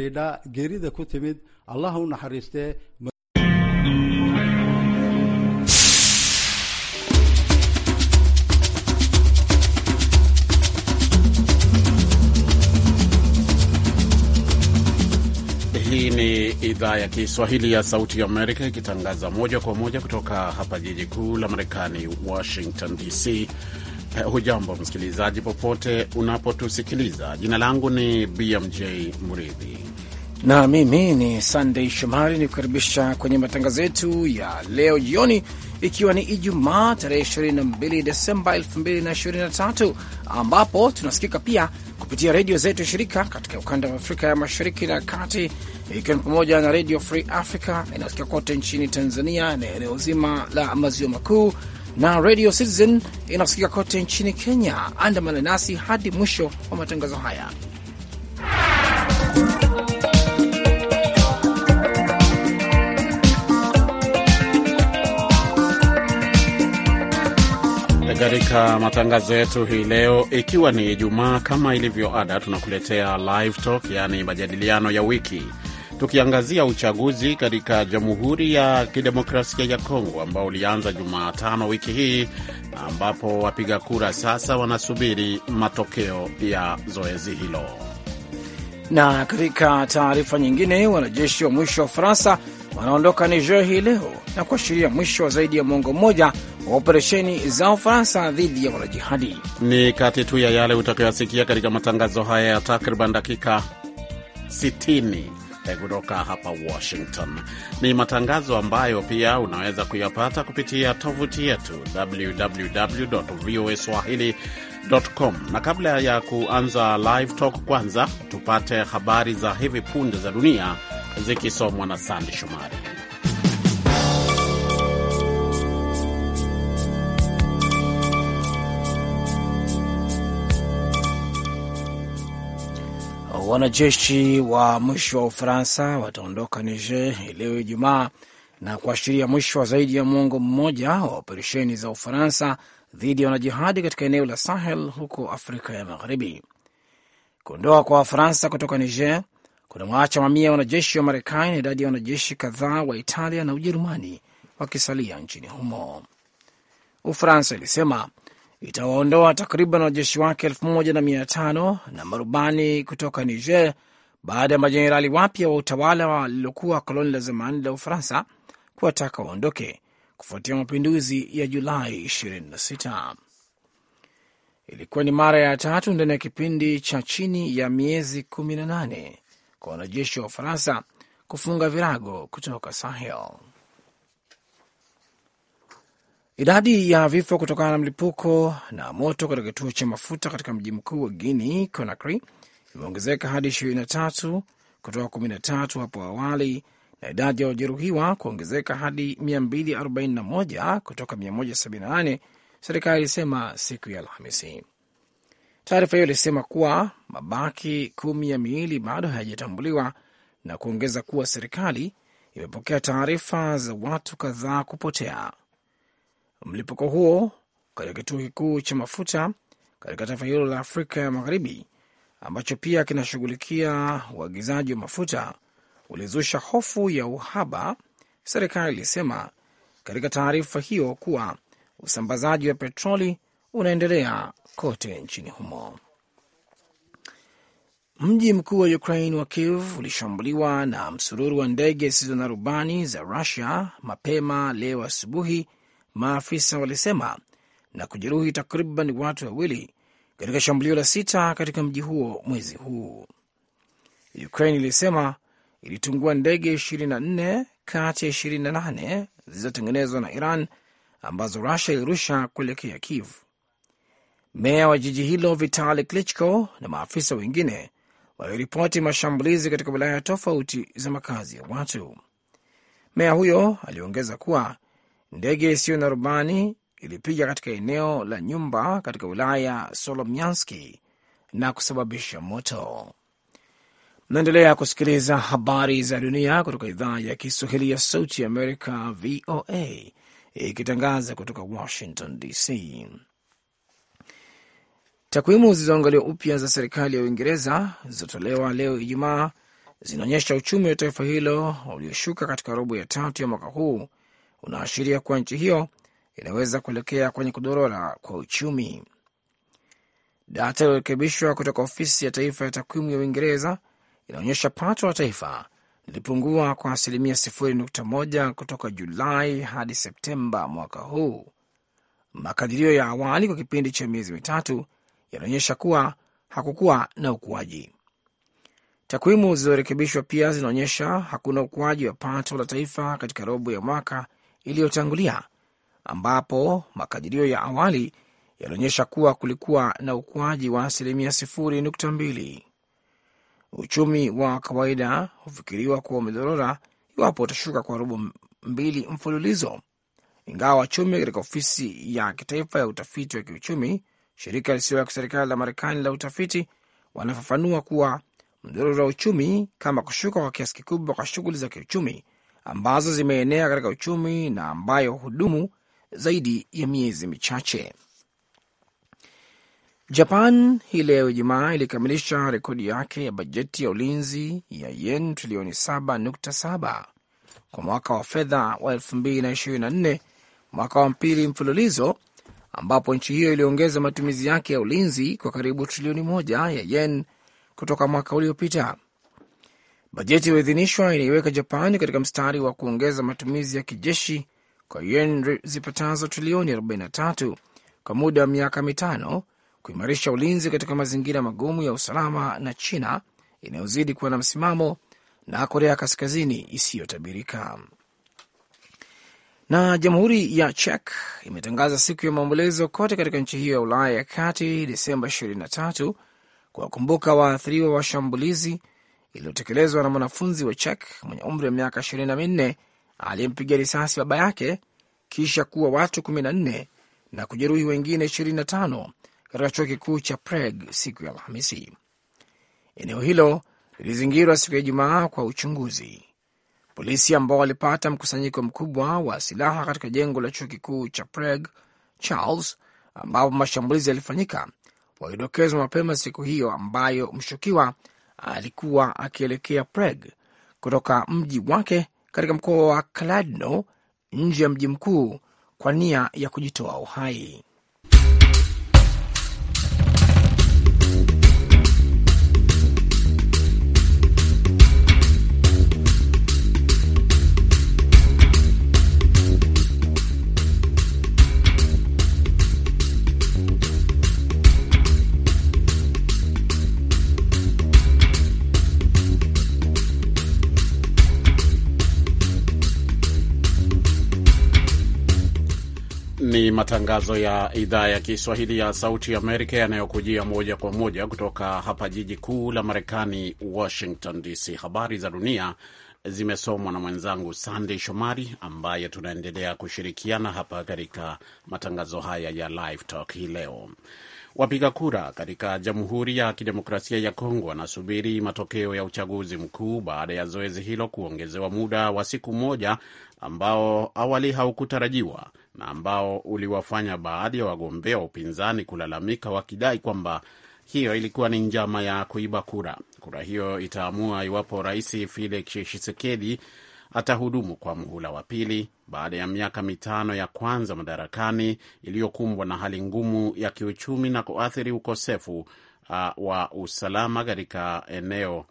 xidhiidha geerida ku timid allah u naxariiste Hii ni idhaa ya Kiswahili ya Sauti ya Amerika ikitangaza moja kwa moja kutoka hapa jiji kuu la Marekani, Washington DC. Eh, hujambo msikilizaji, popote unapotusikiliza. Jina langu ni BMJ Mridhi na mimi ni sandey Shomari ni kukaribisha kwenye matangazo yetu ya leo jioni, ikiwa ni Ijumaa tarehe 22 Desemba 2023 ambapo tunasikika pia kupitia redio zetu shirika katika ukanda wa Afrika ya mashariki na kati, ikiwa ni pamoja na Redio Free Africa inayosikika kote nchini Tanzania na eneo zima la maziwa makuu na Radio Citizen inaosikika kote nchini Kenya. Andamana nasi hadi mwisho wa matangazo haya. Katika matangazo yetu hii leo, ikiwa ni Ijumaa, kama ilivyo ada, tunakuletea live talk, yaani majadiliano ya wiki, tukiangazia uchaguzi katika Jamhuri ya Kidemokrasia ya Kongo ambao ulianza Jumatano wiki hii, ambapo wapiga kura sasa wanasubiri matokeo ya zoezi hilo. Na katika taarifa nyingine, wanajeshi wa mwisho wa Faransa wanaondoka Niger hii leo na kuashiria mwisho wa zaidi ya mwongo mmoja wa operesheni za Ufaransa dhidi ya wanajihadi. Ni kati tu ya yale utakayoyasikia katika matangazo haya ya takriban dakika 60 eh, kutoka hapa Washington. Ni matangazo ambayo pia unaweza kuyapata kupitia tovuti yetu www voa swahili.com. Na kabla ya kuanza live talk, kwanza tupate habari za hivi punde za dunia zikisomwa na Sandi Shumari. Wanajeshi wa mwisho wa Ufaransa wataondoka Niger leo Ijumaa na kuashiria mwisho wa zaidi ya mwongo mmoja wa operesheni za Ufaransa dhidi ya wanajihadi katika eneo la Sahel huko Afrika ya Magharibi. Kuondoka kwa Wafaransa kutoka Niger kuna waacha mamia ya wanajeshi wa Marekani na idadi ya wanajeshi kadhaa wa Italia na Ujerumani wakisalia nchini humo. Ufaransa ilisema itawaondoa takriban wanajeshi wake elfu moja na mia tano na marubani kutoka Niger baada ya majenerali wapya wa utawala walilokuwa koloni la zamani la Ufaransa kuwataka waondoke kufuatia mapinduzi ya Julai 26. Ilikuwa ni mara ya tatu ndani ya kipindi cha chini ya miezi 18 kwa wanajeshi wa Ufaransa kufunga virago kutoka Sahel. Idadi ya vifo kutokana na mlipuko na moto katika kituo cha mafuta katika mji mkuu wa Guinea, Conakry, imeongezeka hadi ishirini na tatu kutoka kumi na tatu hapo awali na idadi ya wajeruhiwa kuongezeka hadi 241 kutoka 178, serikali ilisema siku ya Alhamisi. Taarifa hiyo ilisema kuwa mabaki kumi ya miili bado hayajatambuliwa na kuongeza kuwa serikali imepokea taarifa za watu kadhaa kupotea. Mlipuko huo katika kituo kikuu cha mafuta katika taifa hilo la Afrika ya Magharibi, ambacho pia kinashughulikia uagizaji wa mafuta, ulizusha hofu ya uhaba. Serikali ilisema katika taarifa hiyo kuwa usambazaji wa petroli unaendelea kote nchini humo. Mji mkuu wa Ukraine wa Kiev ulishambuliwa na msururu wa ndege zisizo na rubani za Rusia mapema leo asubuhi, maafisa walisema, na kujeruhi takriban watu wawili katika shambulio la sita katika mji huo mwezi huu. Ukraine ilisema ilitungua ndege 24 kati ya 28 zilizotengenezwa na Iran ambazo Rusia ilirusha kuelekea Kiev. Meya wa jiji hilo Vitali Klitschko na maafisa wengine waliripoti mashambulizi katika wilaya tofauti za makazi ya watu. Meya huyo aliongeza kuwa ndege isiyo na rubani ilipiga katika eneo la nyumba katika wilaya Solomyanski na kusababisha moto. Mnaendelea kusikiliza habari za dunia kutoka idhaa ya Kiswahili ya Sauti ya Amerika, VOA, ikitangaza kutoka Washington DC. Takwimu zilizoangaliwa upya za serikali ya Uingereza zilizotolewa leo Ijumaa zinaonyesha uchumi wa taifa hilo ulioshuka katika robo ya tatu ya mwaka huu unaashiria kuwa nchi hiyo inaweza kuelekea kwenye kudorora kwa uchumi. Data iliyorekebishwa kutoka ofisi ya taifa ya takwimu ya Uingereza inaonyesha pato la taifa lilipungua kwa asilimia 0.1 kutoka Julai hadi Septemba mwaka huu. Makadirio ya awali kwa kipindi cha miezi mitatu yanaonyesha kuwa hakukuwa na ukuaji. Takwimu zilizorekebishwa pia zinaonyesha hakuna ukuaji wa pato la taifa katika robo ya mwaka iliyotangulia, ambapo makadirio ya awali yalionyesha kuwa kulikuwa na ukuaji wa asilimia sifuri nukta mbili. Uchumi wa kawaida hufikiriwa kuwa umedorora iwapo utashuka kwa robo mbili mfululizo, ingawa wachumi katika ofisi ya kitaifa ya utafiti wa kiuchumi shirika lisio ya kiserikali la Marekani la utafiti wanafafanua kuwa mdororo wa uchumi kama kushuka kwa kiasi kikubwa kwa shughuli za kiuchumi ambazo zimeenea katika uchumi na ambayo hudumu zaidi ya miezi michache. Japan hii leo Ijumaa ilikamilisha rekodi yake ya bajeti ya ulinzi ya yen trilioni 7.7 kwa mwaka wa fedha wa 2024, mwaka wa pili mfululizo ambapo nchi hiyo iliongeza matumizi yake ya ulinzi kwa karibu trilioni moja ya yen kutoka mwaka uliopita. Bajeti iliyoidhinishwa inaiweka Japan katika mstari wa kuongeza matumizi ya kijeshi kwa yen zipatazo trilioni 43 kwa muda wa miaka mitano kuimarisha ulinzi katika mazingira magumu ya usalama na China inayozidi kuwa na msimamo na Korea Kaskazini isiyotabirika. Na jamhuri ya Czech imetangaza siku ya maombolezo kote katika nchi hiyo ya Ulaya ya kati Desemba 23 kuwakumbuka waathiriwa wa shambulizi iliyotekelezwa na mwanafunzi wa Czech mwenye umri wa miaka 24 aliyempiga risasi baba yake kisha kuwa watu 14 na kujeruhi wengine 25 katika chuo kikuu cha Prague siku ya Alhamisi. Eneo hilo lilizingirwa siku ya Ijumaa kwa uchunguzi. Polisi ambao walipata mkusanyiko mkubwa wa silaha katika jengo la chuo kikuu cha Prague Charles, ambapo mashambulizi yalifanyika, walidokezwa mapema siku hiyo ambayo mshukiwa alikuwa akielekea Prague kutoka mji wake katika mkoa wa Kladno nje ya mji mkuu kwa nia ya kujitoa uhai. Ni matangazo ya idhaa ya Kiswahili ya Sauti Amerika yanayokujia moja kwa moja kutoka hapa jiji kuu la Marekani, Washington DC. Habari za dunia zimesomwa na mwenzangu Sandey Shomari, ambaye tunaendelea kushirikiana hapa katika matangazo haya ya Live Talk hii leo. Wapiga kura katika Jamhuri ya Kidemokrasia ya Kongo wanasubiri matokeo ya uchaguzi mkuu baada ya zoezi hilo kuongezewa muda wa siku moja ambao awali haukutarajiwa na ambao uliwafanya baadhi ya wagombea wa upinzani kulalamika wakidai kwamba hiyo ilikuwa ni njama ya kuiba kura. Kura hiyo itaamua iwapo rais Felix Tshisekedi atahudumu kwa muhula wa pili baada ya miaka mitano ya kwanza madarakani iliyokumbwa na hali ngumu ya kiuchumi na kuathiri ukosefu uh, wa usalama katika eneo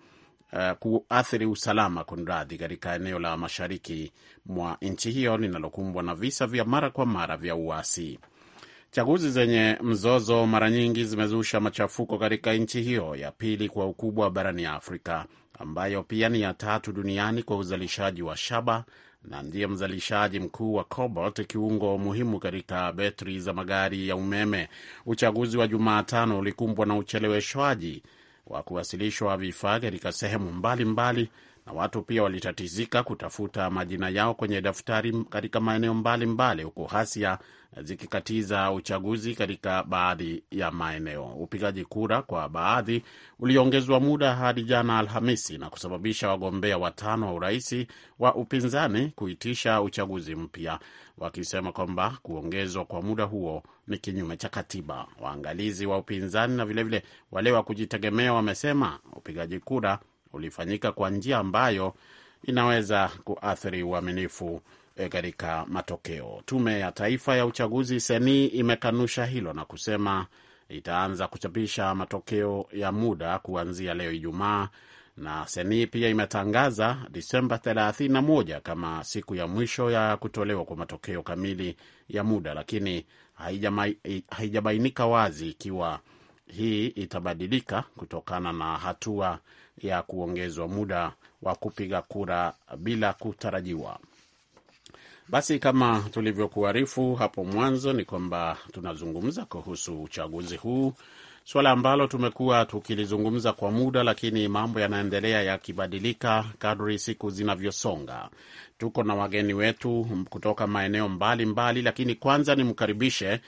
uh, kuathiri usalama kunradhi, katika eneo la mashariki mwa nchi hiyo linalokumbwa na visa vya mara kwa mara vya uasi. Chaguzi zenye mzozo mara nyingi zimezusha machafuko katika nchi hiyo ya pili kwa ukubwa barani Afrika, ambayo pia ni ya tatu duniani kwa uzalishaji wa shaba na ndiye mzalishaji mkuu wa cobalt, kiungo muhimu katika betri za magari ya umeme. Uchaguzi wa Jumatano ulikumbwa na ucheleweshwaji wa kuwasilishwa vifaa katika sehemu mbalimbali na watu pia walitatizika kutafuta majina yao kwenye daftari katika maeneo mbalimbali, huku hasia zikikatiza uchaguzi katika baadhi ya maeneo. Upigaji kura kwa baadhi uliongezwa muda hadi jana Alhamisi na kusababisha wagombea watano wa urahisi wa upinzani kuitisha uchaguzi mpya, wakisema kwamba kuongezwa kwa muda huo ni kinyume cha katiba. Waangalizi wa upinzani na vilevile wale wa kujitegemea wamesema upigaji kura ulifanyika kwa njia ambayo inaweza kuathiri uaminifu eh, katika matokeo. Tume ya Taifa ya Uchaguzi seni imekanusha hilo na kusema itaanza kuchapisha matokeo ya muda kuanzia leo Ijumaa, na seni pia imetangaza Disemba 31 kama siku ya mwisho ya kutolewa kwa matokeo kamili ya muda, lakini haijabainika wazi ikiwa hii itabadilika kutokana na hatua ya kuongezwa muda wa kupiga kura bila kutarajiwa. Basi kama tulivyokuarifu hapo mwanzo, ni kwamba tunazungumza kuhusu uchaguzi huu, suala ambalo tumekuwa tukilizungumza kwa muda, lakini mambo yanaendelea yakibadilika kadri siku zinavyosonga. Tuko na wageni wetu kutoka maeneo mbalimbali mbali, lakini kwanza nimkaribishe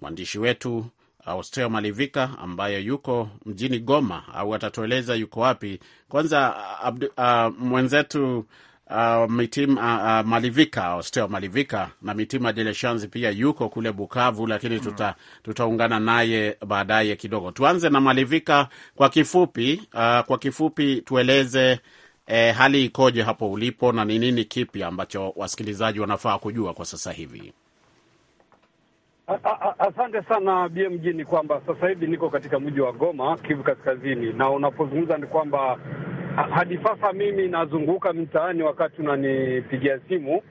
mwandishi wetu Austeo Malivika ambaye yuko mjini Goma au atatueleza yuko wapi. Kwanza uh, abdu, uh, mwenzetu uh, mitim, uh, uh, Malivika Austeo Malivika na Mitima Deleshansi pia yuko kule Bukavu, lakini hmm. tuta, tutaungana naye baadaye kidogo. Tuanze na Malivika kwa kifupi, uh, kwa kifupi tueleze E, hali ikoje hapo ulipo na ni nini kipya ambacho wasikilizaji wanafaa kujua kwa sasa hivi? Asante sana BMG. Ni kwamba sasa hivi niko katika mji wa Goma, Kivu Kaskazini, na unapozungumza ni kwamba hadi sasa mimi nazunguka mtaani wakati unanipigia simu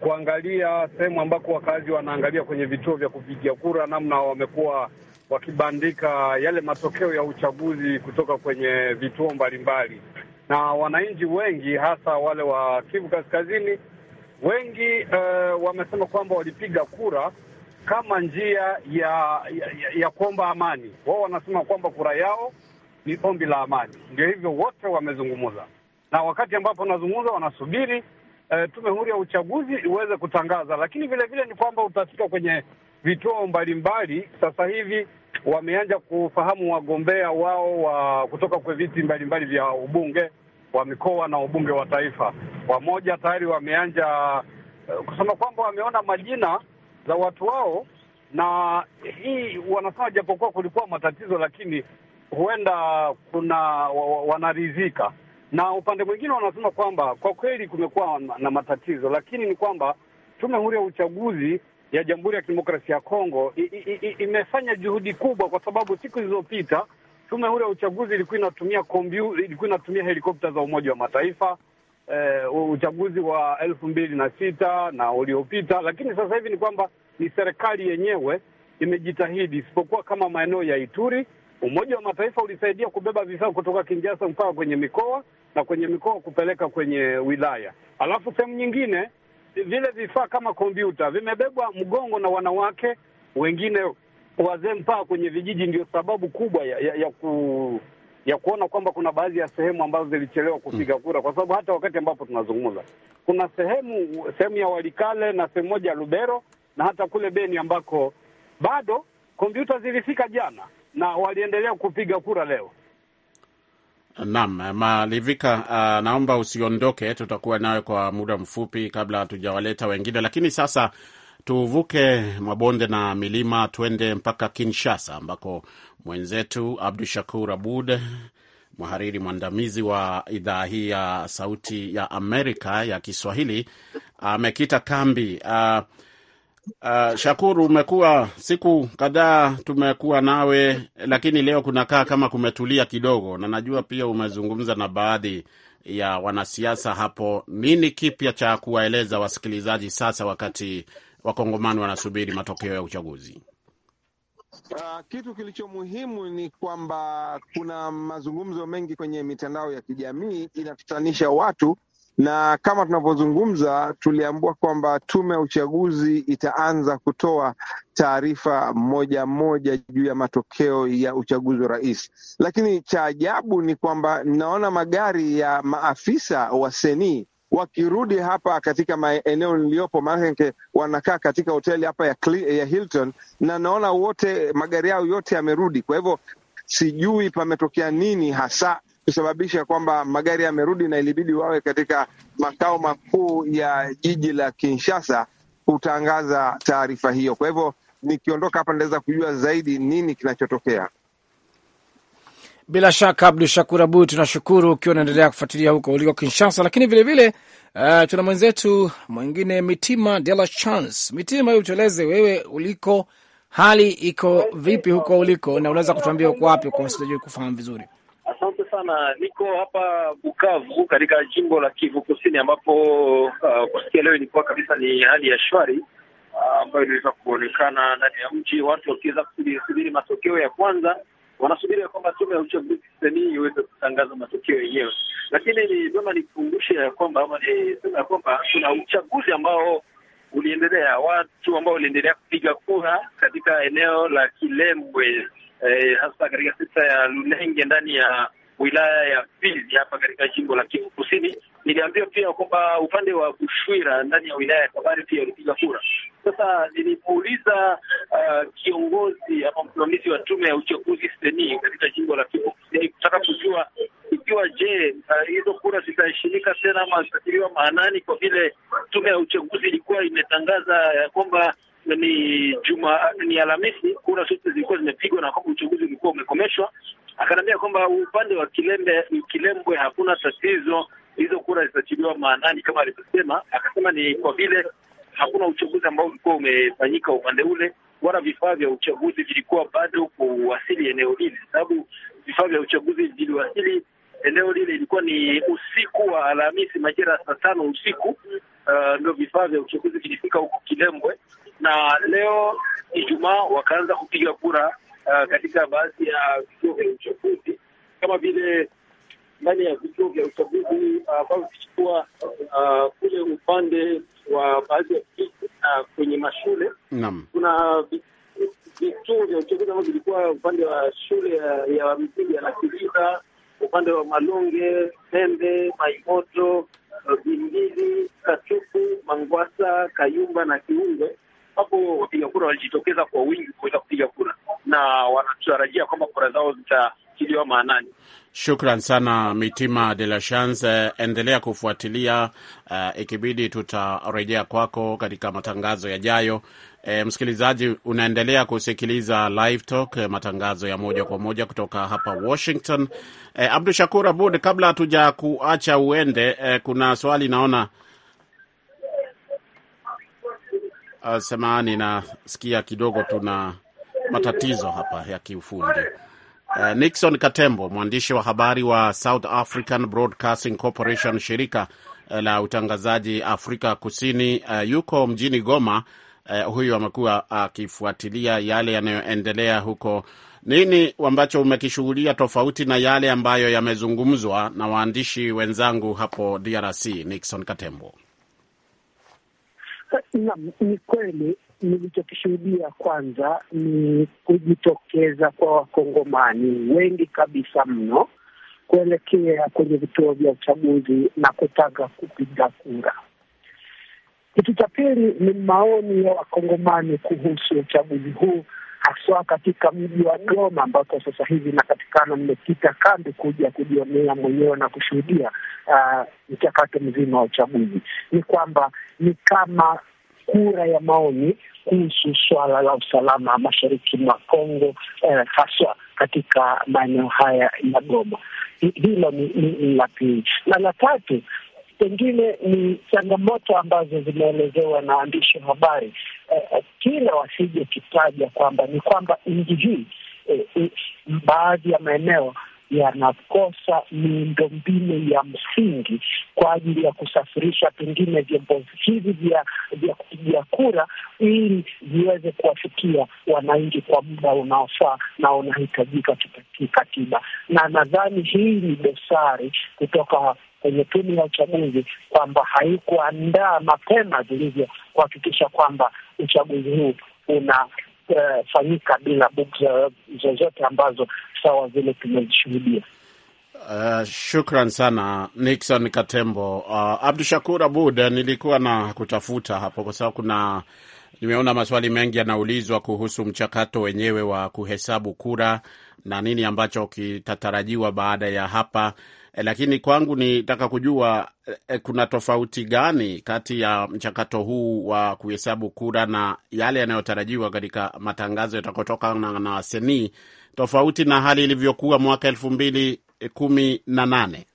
kuangalia sehemu ambako wakazi wanaangalia kwenye vituo vya kupigia kura, namna wamekuwa wakibandika yale matokeo ya uchaguzi kutoka kwenye vituo mbalimbali, na wananchi wengi hasa wale wa Kivu Kaskazini wengi uh, wamesema kwamba walipiga kura kama njia ya ya, ya kuomba amani. Wao wanasema kwamba kura yao ni ombi la amani, ndio hivyo wote wamezungumza, na wakati ambapo wanazungumza wanasubiri e, tume huru ya uchaguzi iweze kutangaza, lakini vile vile ni kwamba utafika kwenye vituo mbalimbali. Sasa hivi wameanza kufahamu wagombea wao wa kutoka kwa viti mbalimbali vya ubunge wa mikoa na ubunge wa taifa. Wamoja tayari wameanza eh, kusema kwamba wameona majina za watu wao, na hii wanasema, japokuwa kulikuwa matatizo, lakini huenda kuna wanaridhika. Na upande mwingine wanasema kwamba kwa kweli kumekuwa na matatizo, lakini ni kwamba tume huru ya uchaguzi ya Jamhuri ya Kidemokrasia ya Kongo imefanya juhudi kubwa, kwa sababu siku zilizopita tume huru ya uchaguzi ilikuwa inatumia ilikuwa inatumia helikopta za Umoja wa Mataifa eh, uchaguzi wa elfu mbili na sita na uliopita, lakini sasa hivi ni kwamba ni serikali yenyewe imejitahidi, isipokuwa kama maeneo ya Ituri. Umoja wa Mataifa ulisaidia kubeba vifaa kutoka kinjasa mpaka kwenye mikoa na kwenye mikoa kupeleka kwenye wilaya, alafu sehemu nyingine vile vifaa kama kompyuta vimebebwa mgongo na wanawake wengine wazee mpaka kwenye vijiji. Ndio sababu kubwa ya, ya, ya ku ya kuona kwamba kuna baadhi ya sehemu ambazo zilichelewa kupiga kura, kwa sababu hata wakati ambapo tunazungumza kuna sehemu sehemu ya Walikale na sehemu moja ya Lubero na hata kule Beni ambako bado kompyuta zilifika jana na waliendelea kupiga kura leo. Naam, Malivika, uh, naomba usiondoke, tutakuwa nawe kwa muda mfupi kabla hatujawaleta wengine, lakini sasa Tuvuke mabonde na milima tuende mpaka Kinshasa ambako mwenzetu Abdu Shakur Abud, mhariri mwandamizi wa idhaa hii ya Sauti ya Amerika ya Kiswahili, amekita kambi. Uh, uh, Shakur, umekuwa siku kadhaa tumekuwa nawe, lakini leo kunakaa kama kumetulia kidogo, na najua pia umezungumza na baadhi ya wanasiasa hapo. Nini kipya cha kuwaeleza wasikilizaji sasa wakati wakongomani wanasubiri matokeo ya uchaguzi? Uh, kitu kilicho muhimu ni kwamba kuna mazungumzo mengi kwenye mitandao ya kijamii inakutanisha watu, na kama tunavyozungumza, tuliambua kwamba tume ya uchaguzi itaanza kutoa taarifa moja moja juu ya matokeo ya uchaguzi wa rais. Lakini cha ajabu ni kwamba naona magari ya maafisa wa senii wakirudi hapa katika maeneo niliyopo, maanake wanakaa katika hoteli hapa ya, ya Hilton na naona wote magari yao yote yamerudi. Kwa hivyo sijui pametokea nini hasa kusababisha kwamba magari yamerudi na ilibidi wawe katika makao makuu ya jiji la Kinshasa kutangaza taarifa hiyo. Kwa hivyo nikiondoka hapa, nitaweza kujua zaidi nini kinachotokea. Bila shaka Abdu Shakur abu tunashukuru ukiwa unaendelea kufuatilia huko uliko Kinshasa, lakini vilevile vile, uh, tuna mwenzetu mwingine Mitima de la Chance. Mitima, tueleze wewe uliko, hali iko vipi huko uliko, na unaweza kutuambia uko wapi kwa sijui kufahamu vizuri? Asante sana, niko hapa Bukavu katika jimbo la Kivu Kusini, ambapo uh, kusikia leo ilikuwa kabisa ni hali ya shwari uh, ambayo uh, iliweza kuonekana ndani ya mji, watu wakiweza kusubiri matokeo ya kwanza wanasubiri ya kwamba tume ya uchaguzi sanii iweze kutangaza matokeo yenyewe, lakini ni vyema nikumbushe ya kwamba ama niseme ya kwamba kuna uchaguzi ambao uliendelea, watu ambao waliendelea kupiga kura katika eneo la Kilembwe, eh, hasa katika sekta ya lulenge ndani ya wilaya ya Fizi hapa katika jimbo la Kivu Kusini Niliambiwa pia kwamba upande wa Bushwira ndani ya wilaya ya Kabare pia ulipiga kura. Sasa nilimuuliza uh, kiongozi ama msimamizi wa tume ya uchaguzi Seni katika jimbo la Kivu Kusini kutaka kujua ikiwa je, uh, hizo uh, kura zitaheshimika tena ama zitatiliwa maanani, kwa vile tume ya uchaguzi ilikuwa imetangaza ya kwamba ni juma ni Alhamisi kura zote zilikuwa zimepigwa na kwamba uchaguzi ulikuwa umekomeshwa. akanaambia kwamba upande wa Kilembe Kilembwe hakuna tatizo hizo kura zitachiliwa maanani kama alivyosema. Akasema ni kwa vile hakuna uchaguzi ambao ulikuwa umefanyika upande ule, wala vifaa vya uchaguzi vilikuwa bado kuwasili eneo lile, sababu vifaa vya uchaguzi viliwasili eneo lile ilikuwa ni usiku wa Alhamisi majira saa tano usiku uh, ndio, uh, vifaa vya uchaguzi vilifika huko Kilembwe, na leo Ijumaa wakaanza kupiga kura uh, katika baadhi ya vituo vya uchaguzi kama vile ndani ya vituo vya uchaguzi uh, ambavyo vichukua uh, kule upande wa baadhi ya vijiji na uh, kwenye mashule. Naam, kuna vituo vya uchaguzi ambavyo vilikuwa upande wa shule ya msingi ya lakiliza upande wa Malonge, Pembe, Maimoto, Bimbili, Kachuku, Mangwasa, Kayumba na Kiunge ambapo wapiga kura walijitokeza kwa wingi kuweza kupiga kura na wanatarajia kwamba kura zao zitatiliwa maanani. Shukran sana Mitima de la Chance, endelea kufuatilia uh, ikibidi tutarejea kwako katika matangazo yajayo. E, msikilizaji unaendelea kusikiliza Live Talk, eh, matangazo ya moja kwa moja kutoka hapa Washington. E, Abdu Shakur Abud, kabla hatuja kuacha uende, e, kuna swali naona uh, ah, samahani, nasikia kidogo tuna matatizo hapa ya kiufundi. Uh, Nixon Katembo, mwandishi wa habari wa South African Broadcasting Corporation, shirika eh, la utangazaji Afrika Kusini, uh, yuko mjini Goma. Uh, huyu amekuwa akifuatilia uh, yale yanayoendelea huko. Nini ambacho umekishughulia tofauti na yale ambayo yamezungumzwa na waandishi wenzangu hapo DRC? Nixon Katembo. Naam, ni kweli. Nilichokishuhudia kwanza ni kujitokeza kwa wakongomani wengi kabisa mno kuelekea kwenye vituo vya uchaguzi na kutaka kupiga kura. Kitu cha pili ni maoni ya wakongomani kuhusu uchaguzi huu haswa katika mji wa Goma ambako sasa hivi inapatikana. Nimekita kambi kuja kujionea mwenyewe na kushuhudia uh, mchakato uh, mzima wa uchaguzi. Ni kwamba ni kama kura ya maoni kuhusu swala la usalama mashariki mwa Kongo eh, haswa katika maeneo haya ya Goma. Hilo ni, ni, ni la pili, na la tatu pengine ni changamoto ambazo zimeelezewa na waandishi wa habari Eh, eh, kila wasije kitaja kwamba ni kwamba nchi hii eh, eh, baadhi ya maeneo yanakosa miundombinu ya msingi kwa ajili ya kusafirisha pengine vyombo hivi vya vya kupigia kura ili viweze kuwafikia wananchi kwa muda unaofaa na unahitajika kikatiba, na nadhani hii ni dosari kutoka kwenye tume ya uchaguzi kwamba haikuandaa mapema vilivyo kuhakikisha kwamba uchaguzi huu unafanyika uh, bila bughudha zozote ambazo sawa zile tumezishuhudia. Uh, shukran sana Nixon Katembo. Uh, Abdu Shakur Abud, nilikuwa na kutafuta hapo kwa sababu kuna nimeona maswali mengi yanaulizwa kuhusu mchakato wenyewe wa kuhesabu kura na nini ambacho kitatarajiwa baada ya hapa Eh, lakini kwangu nitaka kujua eh, kuna tofauti gani kati ya mchakato huu wa kuhesabu kura na yale yanayotarajiwa katika matangazo yatakotoka na, na seni tofauti na hali ilivyokuwa mwaka elfu mbili kumi na nane.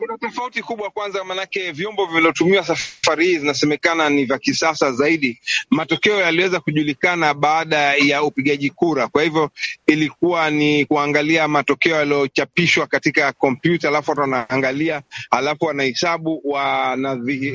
Kuna tofauti kubwa kwanza, maanake vyombo vilivyotumiwa safari hii zinasemekana ni vya kisasa zaidi. Matokeo yaliweza kujulikana baada ya upigaji kura, kwa hivyo ilikuwa ni kuangalia matokeo yaliyochapishwa katika kompyuta, alafu watu wanaangalia, alafu wanahesabu,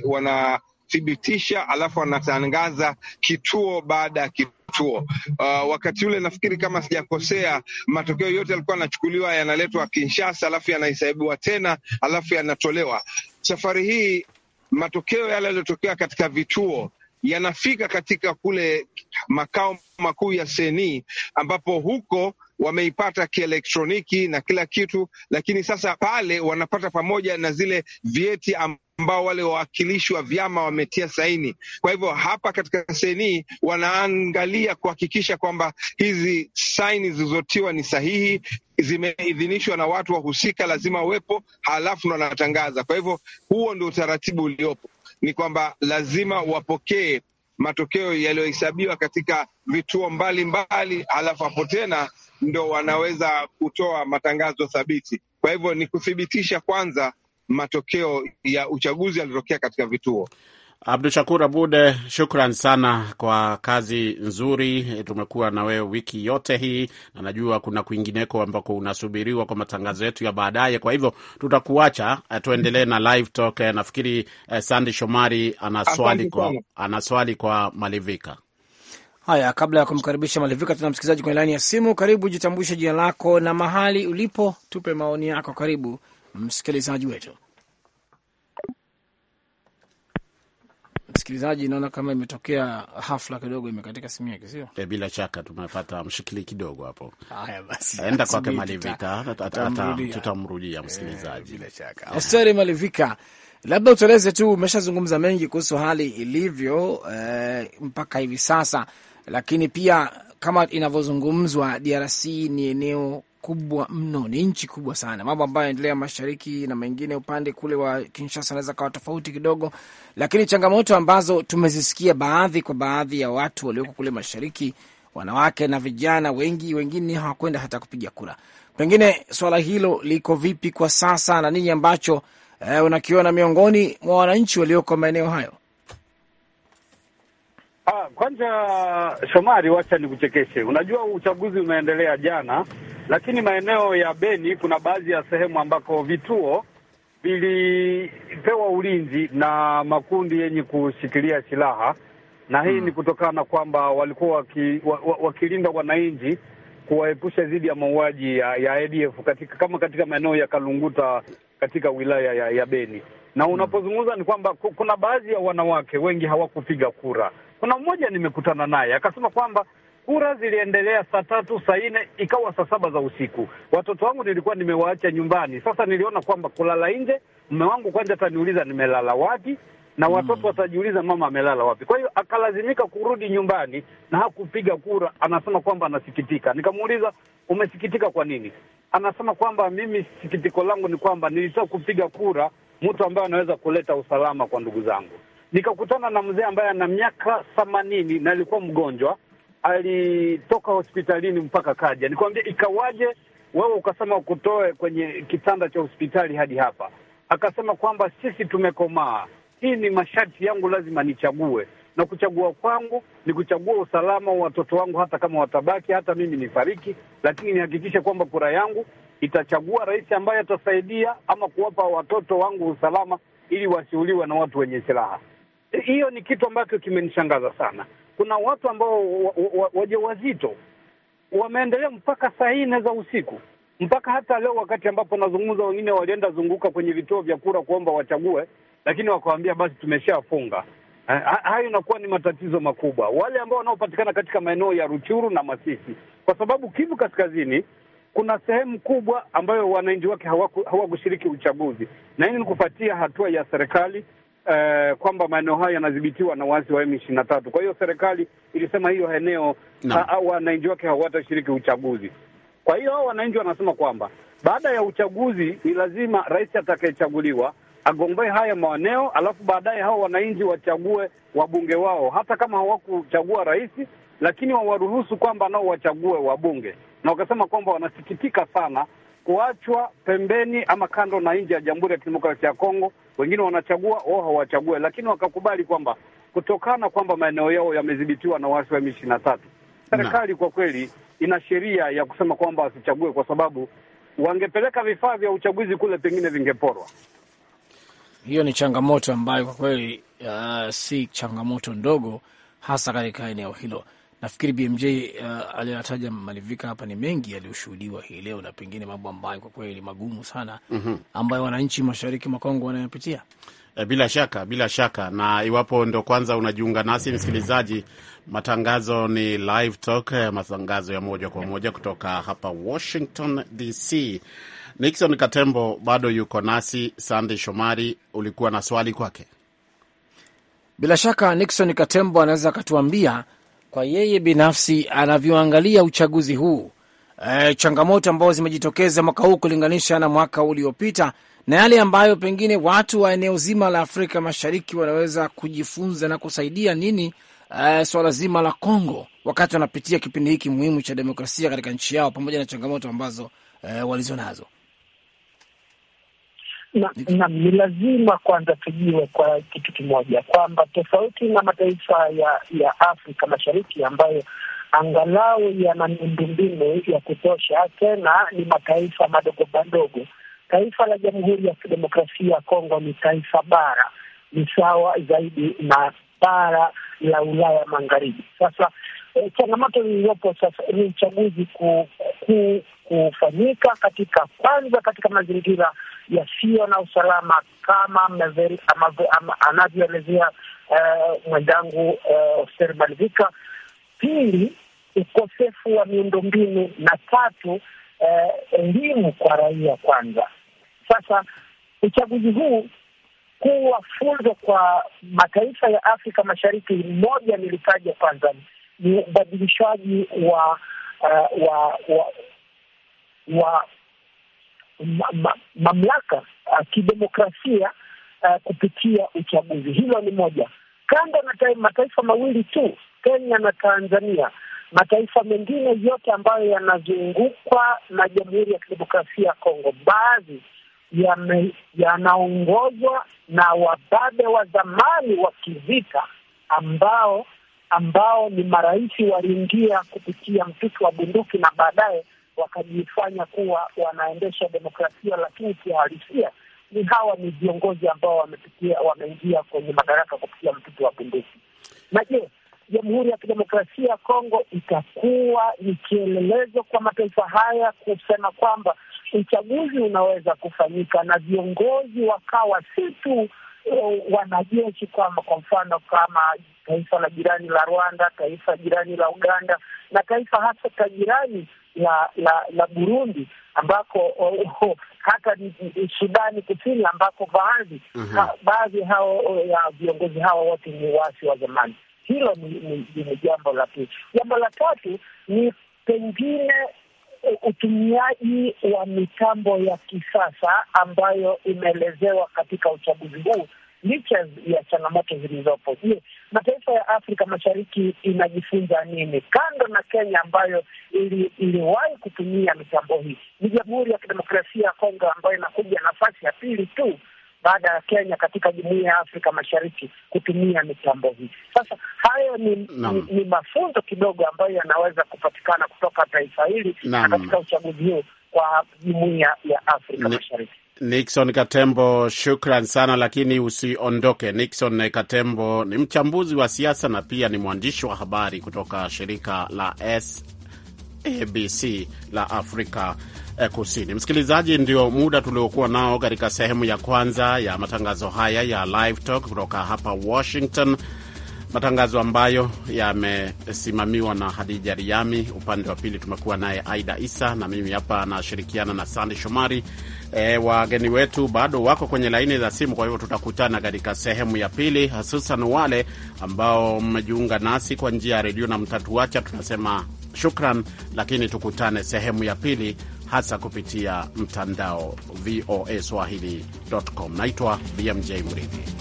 wanathibitisha, alafu wanatangaza kituo baada ya kituo chuo uh, wakati ule nafikiri kama sijakosea, matokeo yote yalikuwa yanachukuliwa yanaletwa Kinshasa, alafu yanahesabiwa tena, alafu yanatolewa. Safari hii matokeo yale yaliyotokea katika vituo yanafika katika kule makao makuu ya seni ambapo huko wameipata kielektroniki na kila kitu, lakini sasa pale wanapata pamoja na zile vyeti ambao wale wawakilishi wa vyama wametia saini. Kwa hivyo hapa katika seni wanaangalia kuhakikisha kwamba hizi saini zilizotiwa ni sahihi, zimeidhinishwa na watu wahusika, lazima wepo, halafu ndo wanatangaza. Kwa hivyo huo ndio utaratibu uliopo, ni kwamba lazima wapokee matokeo yaliyohesabiwa katika vituo mbalimbali, halafu hapo tena ndo wanaweza kutoa matangazo thabiti. Kwa hivyo ni kuthibitisha kwanza matokeo ya uchaguzi yalitokea katika vituo. Abdu Shakur Abud, shukran sana kwa kazi nzuri. Tumekuwa na wewe wiki yote hii, na najua kuna kwingineko ambako unasubiriwa kwa matangazo yetu ya baadaye. Kwa hivyo tutakuacha eh, tuendelee na live talk. Eh, nafikiri eh, Sandi Shomari anaswali kwa, kwa Malivika. Haya, kabla ya kumkaribisha Malivika, tuna msikilizaji kwenye laini ya simu. Karibu, jitambuishe jina lako na mahali ulipo, tupe maoni yako. Karibu msikilizaji wetu. Msikilizaji, naona kama imetokea hafla kidogo, imekatika simu yake, sio? E, bila shaka tumepata mshikili kidogo hapo. Haya basi, enda kwake Malivika, tutamrudia eh, msikilizaji. E, bila shaka Austeri Malivika, labda utueleze tu, umeshazungumza mengi kuhusu hali ilivyo e, mpaka hivi sasa, lakini pia kama inavyozungumzwa DRC ni eneo kubwa mno, ni nchi kubwa sana. Mambo ambayo yanaendelea mashariki na mengine upande kule wa Kinshasa anaweza kawa tofauti kidogo, lakini changamoto ambazo tumezisikia baadhi kwa baadhi ya watu walioko kule mashariki, wanawake na vijana wengi, wengine hawakwenda hata kupiga kura. Pengine swala hilo liko vipi kwa sasa na nini ambacho eh, unakiona miongoni mwa wananchi walioko maeneo hayo? Ah, kwanza Shomari, wacha nikuchekeshe. Unajua uchaguzi unaendelea jana, lakini maeneo ya Beni kuna baadhi ya sehemu ambako vituo vilipewa ulinzi na makundi yenye kushikilia silaha, na hii hmm, ni kutokana kwamba walikuwa waki, wa, wa, wakilinda wananchi kuwaepusha dhidi ya mauaji ya, ya ADF katika, kama katika maeneo ya Kalunguta katika wilaya ya, ya Beni. Na hmm. unapozungumza ni kwamba kuna baadhi ya wanawake wengi hawakupiga kura kuna mmoja nimekutana naye akasema kwamba kura ziliendelea saa tatu, saa nne, ikawa saa saba za usiku. Watoto wangu nilikuwa nimewaacha nyumbani, sasa niliona kwamba kulala nje, mume wangu kwanza ataniuliza nimelala wapi na watoto mm, watajiuliza mama amelala wapi. Kwa hiyo akalazimika kurudi nyumbani na hakupiga kura. Anasema kwamba anasikitika. Nikamuuliza, umesikitika kwa nini? Anasema kwamba mimi sikitiko langu ni kwamba nilitaka kupiga kura mtu ambaye anaweza kuleta usalama kwa ndugu zangu nikakutana na mzee ambaye ana miaka themanini na alikuwa mgonjwa, alitoka hospitalini mpaka kaja. Nikwambia, ikawaje wewe ukasema ukutoe kwenye kitanda cha hospitali hadi hapa? Akasema kwamba sisi tumekomaa, hii ni masharti yangu, lazima nichague na kuchagua kwangu ni kuchagua usalama wa watoto wangu, hata kama watabaki, hata mimi nifariki, lakini nihakikishe kwamba kura yangu itachagua rais ambaye atasaidia ama kuwapa watoto wangu usalama ili wasiuliwe na watu wenye silaha hiyo ni kitu ambacho kimenishangaza sana. Kuna watu ambao wa, wazito wajawazito wameendelea mpaka saa na za usiku mpaka hata leo wakati ambapo nazungumza, wengine walienda zunguka kwenye vituo vya kura kuomba wachague, lakini wakawambia basi tumeshafunga. Eh, hayo inakuwa ni matatizo makubwa, wale ambao wanaopatikana katika maeneo ya Ruchuru na Masisi, kwa sababu Kivu Kaskazini kuna sehemu kubwa ambayo wananchi wake hawakushiriki hawaku uchaguzi, na hii ni kufuatia hatua ya serikali eh, kwamba maeneo hayo yanadhibitiwa na waasi wa M ishirini na tatu. Kwa hiyo serikali ilisema hiyo eneo wananchi wake hawatashiriki uchaguzi. Kwa hiyo hao wananchi wanasema kwamba baada ya uchaguzi ni lazima rais atakayechaguliwa agombee haya maeneo, alafu baadaye hao wananchi wachague wabunge wao, hata kama hawakuchagua rais, lakini wawaruhusu kwamba nao wachague wabunge, na wakasema kwamba wanasikitika sana kuachwa pembeni ama kando na nje ya Jamhuri ya Kidemokrasia ya Kongo. Wengine wanachagua wao hawachague, lakini wakakubali kwamba kutokana kwamba maeneo yao yamedhibitiwa na waasi wa M na tatu, serikali kwa kweli ina sheria ya kusema kwamba wasichague, kwa sababu wangepeleka vifaa vya uchaguzi kule, pengine vingeporwa. Hiyo ni changamoto ambayo kwa kweli uh, si changamoto ndogo, hasa katika eneo hilo nafikiri BMJ uh, aliyotaja malivika hapa ni mengi yaliyoshuhudiwa hii leo na pengine mambo ambayo kwa kweli magumu sana mm -hmm. ambayo wananchi mashariki mwa Kongo wanayopitia. Eh, bila shaka, bila shaka. Na iwapo ndo kwanza unajiunga nasi mhm. msikilizaji, matangazo ni Live Talk, eh, matangazo ya moja kwa moja kutoka hapa Washington DC. Nixon Katembo bado yuko nasi. Sandey Shomari, ulikuwa na swali kwake. Bila shaka Nixon Katembo anaweza akatuambia kwa yeye binafsi anavyoangalia uchaguzi huu e, changamoto ambazo zimejitokeza mwaka huu kulinganisha na mwaka uliopita na yale ambayo pengine watu wa eneo zima la Afrika Mashariki wanaweza kujifunza na kusaidia nini e, swala zima la congo wakati wanapitia kipindi hiki muhimu cha demokrasia katika nchi yao pamoja na changamoto ambazo e, walizonazo na ni lazima kwanza tujue kwa kitu kimoja kwamba tofauti na mataifa ya ya Afrika Mashariki ambayo angalau yana miundombinu ya kutosha, tena ni mataifa madogo madogo, taifa la Jamhuri ya Kidemokrasia ya Kongo ni taifa bara, ni sawa zaidi na bara la Ulaya Magharibi. Sasa eh, changamoto zilizopo sasa ni uchaguzi kufanyika katika kwanza katika mazingira yasiyo na usalama kama anavyoelezea uh, mwenzangu uh, Malivika. Pili, ukosefu wa miundombinu, na tatu, uh, elimu kwa raia kwanza. Sasa uchaguzi huu kuwa funzo kwa mataifa ya Afrika Mashariki, moja nilitaja kwanza ni ubadilishaji wa, uh, wa, wa, wa ma, ma, mamlaka uh, kidemokrasia uh, kupitia uchaguzi. Hilo ni moja. Kando na mataifa mawili tu, Kenya na Tanzania, mataifa mengine yote ambayo yanazungukwa na Jamhuri ya Kidemokrasia ya Kongo, baadhi yanaongozwa na wababe wa zamani wa kivita ambao ambao ni marais waliingia kupitia mtutu wa bunduki na baadaye wakajifanya kuwa wanaendesha demokrasia, lakini kiuhalisia ni hawa ni viongozi ambao wamepitia wameingia kwenye madaraka kupitia mtuto wa bunduki. Na je, Jamhuri ya Kidemokrasia ya Kongo itakuwa ni kielelezo kwa mataifa haya kusema kwamba uchaguzi unaweza kufanyika na viongozi wakawa si tu eh, wanajeshi kama kwa mfano kama taifa la jirani la Rwanda, taifa jirani la Uganda na taifa hasa ta jirani la la la Burundi ambako oh, oh, oh hata Sudani Kusini ambako baadhi mm -hmm. ha, baadhi hao ya viongozi hawa wote ni waasi wa zamani. Hilo ni, ni, ni, ni jambo la pili. Jambo la tatu ni pengine utumiaji wa mitambo ya kisasa ambayo imeelezewa katika uchaguzi huu licha ya changamoto zilizopo. Je, mataifa ya Afrika Mashariki inajifunza nini kando na Kenya ambayo ili, iliwahi kutumia mitambo hii? Ni Jamhuri ya Kidemokrasia ya Kongo ambayo inakuja nafasi ya pili tu baada ya Kenya katika jumuiya ya Afrika Mashariki kutumia mitambo hii. Sasa hayo ni, ni, ni mafunzo kidogo ambayo yanaweza kupatikana kutoka taifa hili na katika uchaguzi huu kwa jumuiya ya Afrika Mashariki. Nixon Katembo, shukran sana, lakini usiondoke. Nixon Katembo ni mchambuzi wa siasa na pia ni mwandishi wa habari kutoka shirika la SABC la Afrika eh, Kusini. Msikilizaji, ndio muda tuliokuwa nao katika sehemu ya kwanza ya matangazo haya ya Live Talk kutoka hapa Washington matangazo ambayo yamesimamiwa na Hadija Riami. Upande wa pili tumekuwa naye Aida Isa na mimi hapa nashirikiana na Sande Shomari. E, wageni wetu bado wako kwenye laini za simu, kwa hivyo tutakutana katika sehemu ya pili, hususan wale ambao mmejiunga nasi kwa njia ya redio na mtatuacha, tunasema shukran, lakini tukutane sehemu ya pili hasa kupitia mtandao voa swahili.com. Naitwa BMJ Mridhi.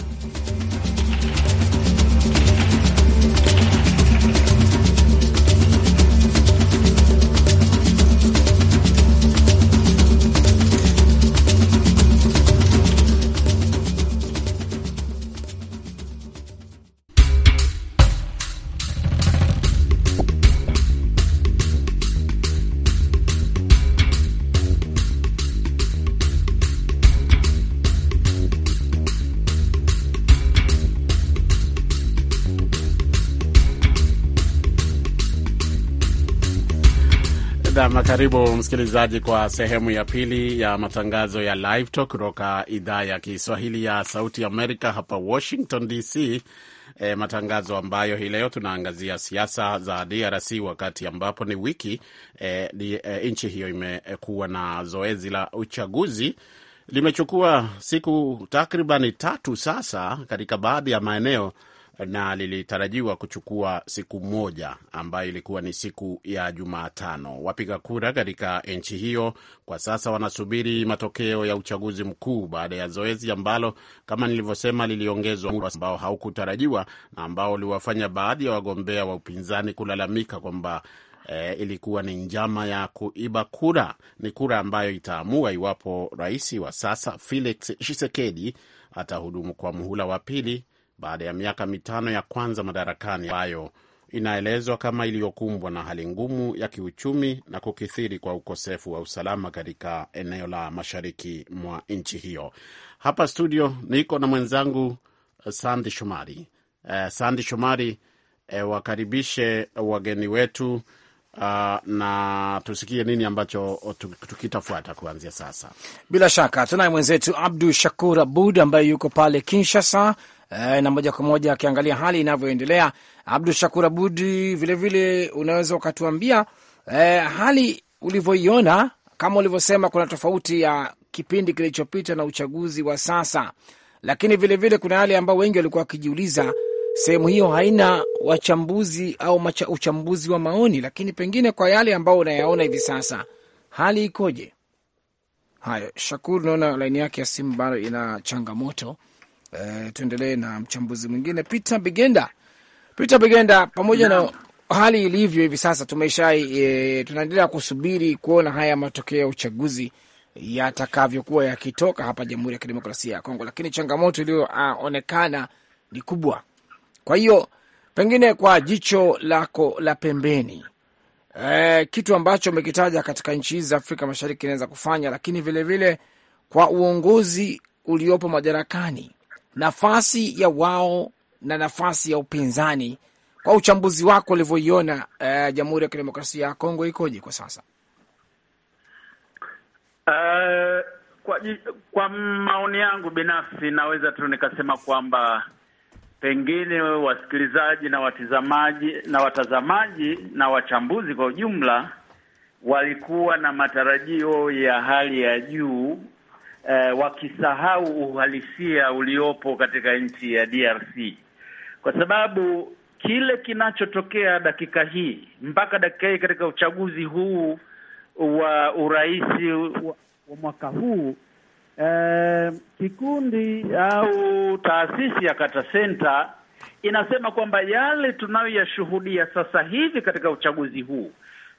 na karibu msikilizaji kwa sehemu ya pili ya matangazo ya Live Talk kutoka idhaa ya Kiswahili ya Sauti Amerika hapa Washington DC. E, eh, matangazo ambayo hii leo tunaangazia siasa za DRC wakati ambapo ni wiki e, e, nchi hiyo imekuwa na zoezi la uchaguzi limechukua siku takribani tatu sasa katika baadhi ya maeneo na lilitarajiwa kuchukua siku moja ambayo ilikuwa ni siku ya Jumatano. Wapiga kura katika nchi hiyo kwa sasa wanasubiri matokeo ya uchaguzi mkuu baada ya zoezi ambalo, kama nilivyosema, liliongezwa ambao haukutarajiwa na ambao uliwafanya baadhi ya wagombea wa upinzani kulalamika kwamba E, ilikuwa ni njama ya kuiba kura. Ni kura ambayo itaamua iwapo rais wa sasa Felix Tshisekedi atahudumu kwa muhula wa pili baada ya miaka mitano ya kwanza madarakani ambayo inaelezwa kama iliyokumbwa na hali ngumu ya kiuchumi na kukithiri kwa ukosefu wa usalama katika eneo la mashariki mwa nchi hiyo. Hapa studio niko na mwenzangu eh, Sandi Shomari. Eh, Sandi Shomari, eh, wakaribishe wageni wetu uh, na tusikie nini ambacho tukitafuata kuanzia sasa. Bila shaka tunaye mwenzetu Abdu Shakur Abud ambaye yuko pale Kinshasa e, na moja kwa moja akiangalia hali inavyoendelea. Abdu Shakur Abud, vilevile unaweza ukatuambia e, hali ulivyoiona, kama ulivyosema, kuna tofauti ya kipindi kilichopita na uchaguzi wa sasa, lakini vilevile vile kuna yale ambayo wengi walikuwa wakijiuliza sehemu hiyo haina wachambuzi au macha, uchambuzi wa maoni, lakini pengine kwa yale ambao unayaona hivi sasa hali ikoje? Hayo, Shakur, naona laini yake ya simu bado ina changamoto. Eh, tuendelee na mchambuzi mwingine Peter Bigenda. Peter Bigenda, pamoja na hali ilivyo hivi sasa, tumesha e, eh, tunaendelea kusubiri kuona haya matokeo ya uchaguzi yatakavyokuwa yakitoka hapa Jamhuri ya Kidemokrasia ya Kongo, lakini changamoto iliyoonekana ah, ni kubwa. Kwa hiyo pengine kwa jicho lako la pembeni e, kitu ambacho umekitaja katika nchi hizi za Afrika Mashariki inaweza kufanya, lakini vilevile vile, kwa uongozi uliopo madarakani nafasi ya wao na nafasi ya upinzani kwa uchambuzi wako ulivyoiona uh, Jamhuri ya Kidemokrasia ya Kongo ikoje kwa sasa? Uh, kwa, kwa maoni yangu binafsi naweza tu nikasema kwamba pengine wasikilizaji na watizamaji na watazamaji na wachambuzi kwa ujumla walikuwa na matarajio ya hali ya juu eh, wakisahau uhalisia uliopo katika nchi ya DRC, kwa sababu kile kinachotokea dakika hii mpaka dakika hii katika uchaguzi huu wa urais wa, wa mwaka huu eh, kikundi au taasisi ya Kata Center inasema kwamba yale tunayoyashuhudia sasa hivi katika uchaguzi huu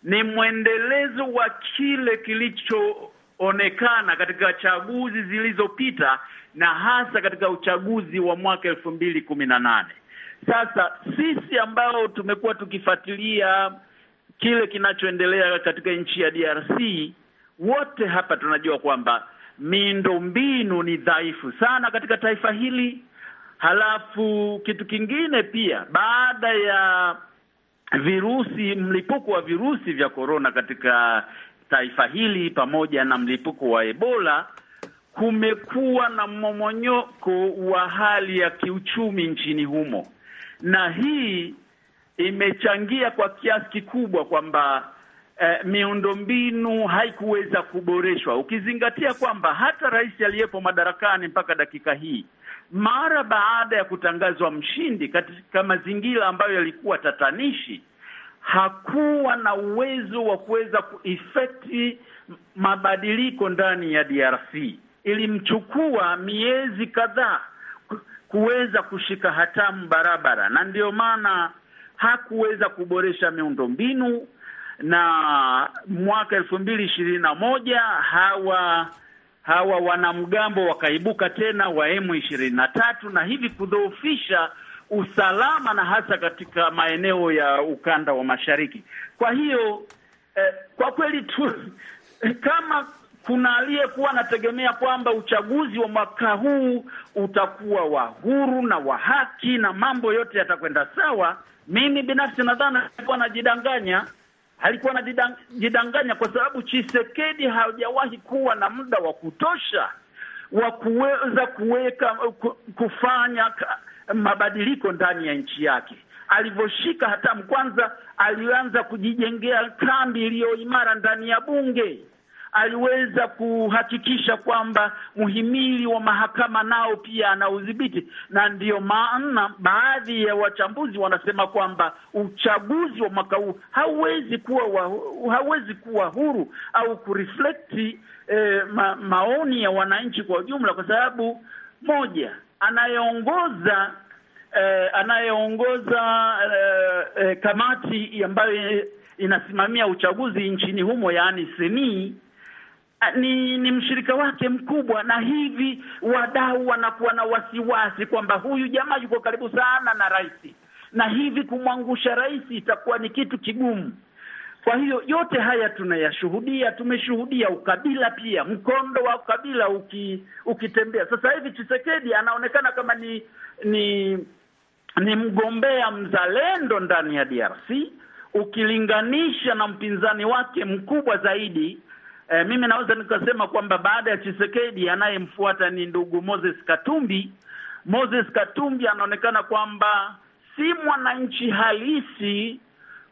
ni mwendelezo wa kile kilicho onekana katika chaguzi zilizopita na hasa katika uchaguzi wa mwaka elfu mbili kumi na nane. Sasa sisi ambao tumekuwa tukifuatilia kile kinachoendelea katika nchi ya DRC, wote hapa tunajua kwamba miundombinu ni dhaifu sana katika taifa hili. Halafu kitu kingine pia, baada ya virusi mlipuko wa virusi vya korona katika taifa hili pamoja na mlipuko wa Ebola kumekuwa na mmomonyoko wa hali ya kiuchumi nchini humo, na hii imechangia kwa kiasi kikubwa kwamba eh, miundombinu haikuweza kuboreshwa, ukizingatia kwamba hata rais aliyepo madarakani mpaka dakika hii mara baada ya kutangazwa mshindi katika mazingira ambayo yalikuwa tatanishi hakuwa na uwezo wa kuweza kuifekti mabadiliko ndani ya DRC. Ilimchukua miezi kadhaa kuweza kushika hatamu barabara, na ndiyo maana hakuweza kuboresha miundombinu na mwaka elfu mbili ishirini na moja hawa hawa wanamgambo wakaibuka tena wa M ishirini na tatu na hivi kudhoofisha usalama na hasa katika maeneo ya ukanda wa mashariki. Kwa hiyo eh, kwa kweli tu kama kuna aliyekuwa anategemea kwamba uchaguzi wa mwaka huu utakuwa wa huru na wa haki na mambo yote yatakwenda sawa, mimi binafsi nadhani alikuwa anajidanganya, alikuwa anajidanganya kwa sababu Chisekedi hajawahi kuwa na muda wa kutosha wa kuweza kuweka kufanya mabadiliko ndani ya nchi yake. Alivyoshika hatamu kwanza, alianza kujijengea kambi iliyo imara ndani ya bunge. Aliweza kuhakikisha kwamba muhimili wa mahakama nao pia anaudhibiti, na ndiyo maana baadhi ya wachambuzi wanasema kwamba uchaguzi wa mwaka huu hauwezi kuwa wa, hauwezi kuwa huru au kureflekti eh, ma, maoni ya wananchi kwa ujumla, kwa sababu moja anayeongoza eh, anayeongoza eh, eh, kamati ambayo inasimamia uchaguzi nchini humo, yaani senii eh, ni, ni mshirika wake mkubwa, na hivi wadau wanakuwa na wasiwasi kwamba huyu jamaa yuko karibu sana na rais, na hivi kumwangusha rais itakuwa ni kitu kigumu. Kwa hiyo yote haya tunayashuhudia, tumeshuhudia ukabila pia, mkondo wa ukabila uki, ukitembea sasa hivi. chisekedi anaonekana kama ni ni ni mgombea mzalendo ndani ya DRC ukilinganisha na mpinzani wake mkubwa zaidi. E, mimi naweza nikasema kwamba baada ya chisekedi anayemfuata ni ndugu Moses Katumbi. Moses Katumbi anaonekana kwamba si mwananchi halisi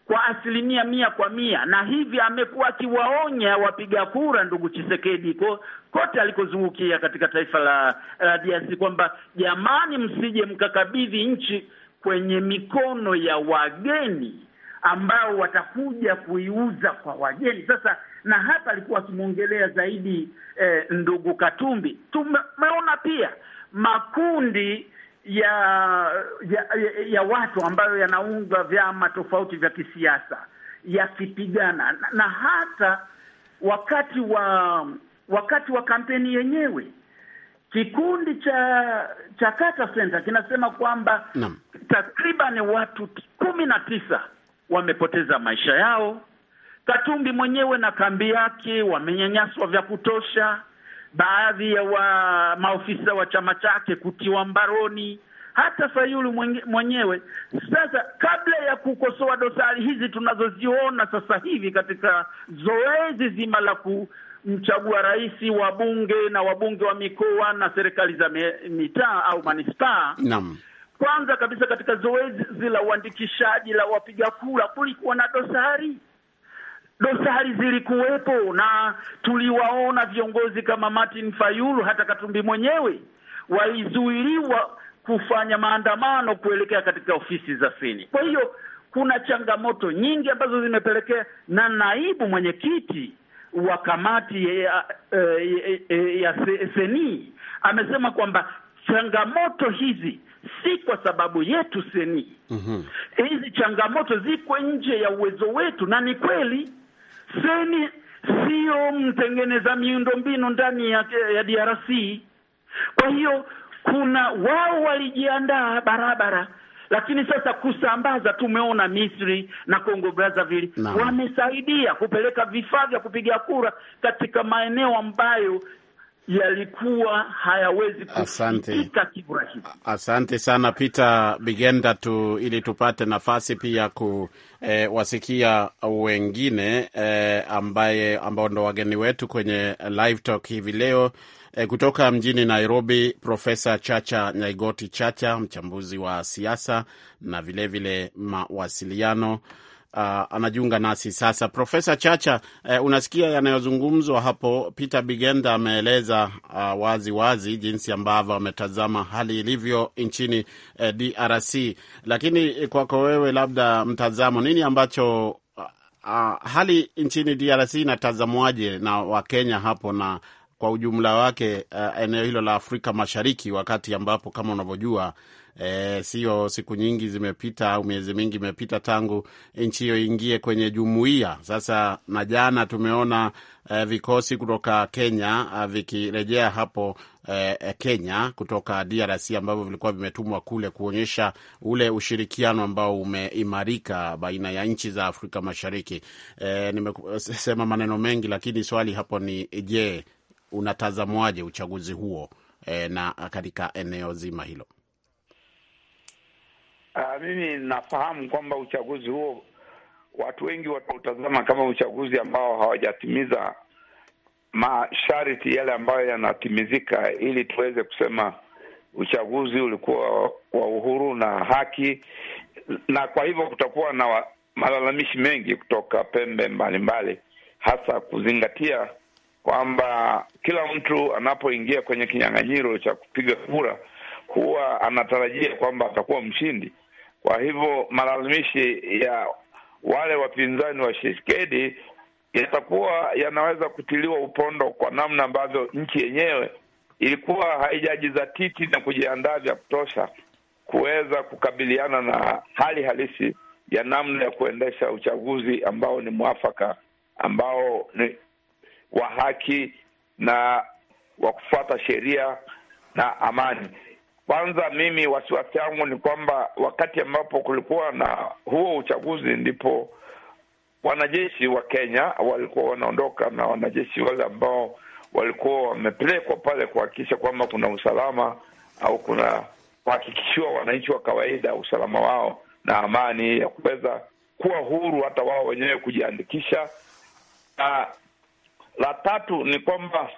kwa asilimia mia kwa mia, na hivi amekuwa akiwaonya wapiga kura, ndugu Chisekedi ko, kote alikozungukia katika taifa la, la DRC kwamba jamani, msije mkakabidhi nchi kwenye mikono ya wageni ambao watakuja kuiuza kwa wageni. Sasa na hapa alikuwa akimwongelea zaidi eh, ndugu Katumbi. Tumeona pia makundi ya ya, ya, ya watu ambayo yanaunga vyama tofauti vya kisiasa yakipigana na, na hata wakati wa wakati wa kampeni yenyewe kikundi cha cha Kata Center kinasema kwamba takriban watu kumi na tisa wamepoteza maisha yao. Katumbi mwenyewe na kambi yake wamenyanyaswa vya kutosha baadhi ya wa maofisa wa chama chake kutiwa mbaroni, hata Fayulu mwenyewe. Sasa kabla ya kukosoa dosari hizi tunazoziona sasa hivi katika zoezi zima la kumchagua rais, wabunge na wabunge wa mikoa na serikali za mitaa au manispaa, naam kwanza kabisa katika zoezi la uandikishaji la wapiga kura kulikuwa na dosari dosari zilikuwepo, na tuliwaona viongozi kama Martin Fayulu, hata Katumbi mwenyewe walizuiliwa kufanya maandamano kuelekea katika ofisi za Seni. Kwa hiyo kuna changamoto nyingi ambazo zimepelekea, na naibu mwenyekiti wa kamati ya, ya, ya Seni amesema kwamba changamoto hizi si kwa sababu yetu Seni. mm -hmm. Hizi changamoto ziko nje ya uwezo wetu, na ni kweli. Seni sio mtengeneza miundombinu ndani ya, ya DRC. Kwa hiyo kuna wao walijiandaa barabara lakini sasa kusambaza, tumeona Misri na Kongo Brazzaville wamesaidia kupeleka vifaa vya kupiga kura katika maeneo ambayo yalikuwa hayawezi kufika kiurahisi. Asante sana Peter Bigenda tu, ili tupate nafasi pia ku e, wengine e, ambaye ambao ndo wageni wetu kwenye live talk hivi leo e, kutoka mjini Nairobi, Profesa Chacha Nyaigoti Chacha, mchambuzi wa siasa na vilevile vile mawasiliano Uh, anajiunga nasi sasa. Profesa Chacha, uh, unasikia yanayozungumzwa hapo. Peter Bigenda ameeleza uh, wazi wazi jinsi ambavyo ametazama hali ilivyo nchini uh, DRC, lakini kwako wewe, labda mtazamo nini ambacho uh, uh, hali nchini DRC inatazamwaje na Wakenya hapo na kwa ujumla wake uh, eneo hilo la Afrika Mashariki, wakati ambapo kama unavyojua e, sio siku nyingi zimepita au miezi mingi imepita tangu nchi hiyo ingie kwenye jumuiya. Sasa na jana tumeona e, vikosi kutoka Kenya eh, vikirejea hapo e, Kenya kutoka DRC ambavyo vilikuwa vimetumwa kule kuonyesha ule ushirikiano ambao umeimarika baina ya nchi za Afrika Mashariki. E, nimesema maneno mengi, lakini swali hapo ni je, unatazamwaje uchaguzi huo e, na katika eneo zima hilo? Uh, mimi nafahamu kwamba uchaguzi huo watu wengi watautazama kama uchaguzi ambao hawajatimiza masharti yale ambayo yanatimizika ili tuweze kusema uchaguzi ulikuwa wa uhuru na haki, na kwa hivyo kutakuwa na malalamishi mengi kutoka pembe mbalimbali mbali, hasa kuzingatia kwamba kila mtu anapoingia kwenye kinyang'anyiro cha kupiga kura huwa anatarajia kwamba atakuwa mshindi kwa hivyo malalamishi ya wale wapinzani wa Tshisekedi yatakuwa yanaweza kutiliwa upondo kwa namna ambavyo nchi yenyewe ilikuwa haijajizatiti na kujiandaa vya kutosha kuweza kukabiliana na hali halisi ya namna ya kuendesha uchaguzi ambao ni mwafaka, ambao ni wa haki na wa kufuata sheria na amani. Kwanza mimi wasiwasi yangu ni kwamba wakati ambapo kulikuwa na huo uchaguzi ndipo wanajeshi wa Kenya walikuwa wanaondoka na wanajeshi wale ambao walikuwa wamepelekwa pale kuhakikisha kwamba kuna usalama au kuna kuhakikishiwa wananchi wa kawaida usalama wao na amani ya kuweza kuwa huru hata wao wenyewe kujiandikisha. Na la tatu ni kwamba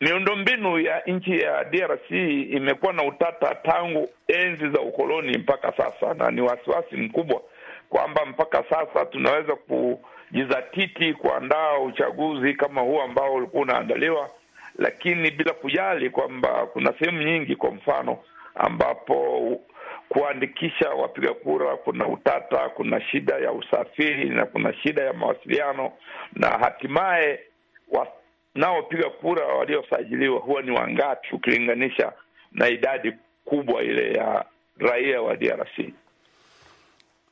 Miundombinu ya nchi ya DRC imekuwa na utata tangu enzi za ukoloni mpaka sasa, na ni wasiwasi mkubwa kwamba mpaka sasa tunaweza kujizatiti kuandaa uchaguzi kama huu ambao ulikuwa unaandaliwa, lakini bila kujali kwamba kuna sehemu nyingi, kwa mfano, ambapo kuandikisha wapiga kura kuna utata, kuna shida ya usafiri na kuna shida ya mawasiliano na hatimaye wapiga kura waliosajiliwa huwa ni wangapi ukilinganisha na idadi kubwa ile ya raia wa DRC?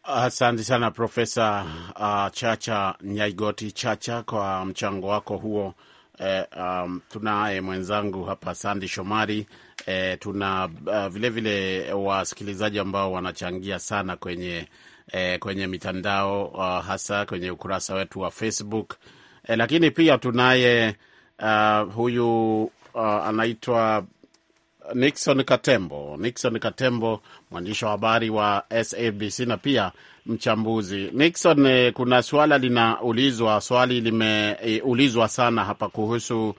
Asante sana Profesa uh, Chacha Nyaigoti Chacha kwa mchango wako huo. Eh, um, tunaye mwenzangu hapa Sandi Shomari. Eh, tuna uh, vilevile wasikilizaji ambao wanachangia sana kwenye eh, kwenye mitandao uh, hasa kwenye ukurasa wetu wa Facebook eh, lakini pia tunaye uh, huyu uh, anaitwa Nixon Katembo. Nixon Katembo, mwandishi wa habari wa SABC na pia mchambuzi. Nixon, eh, kuna suala linaulizwa, swali limeulizwa eh, sana hapa kuhusu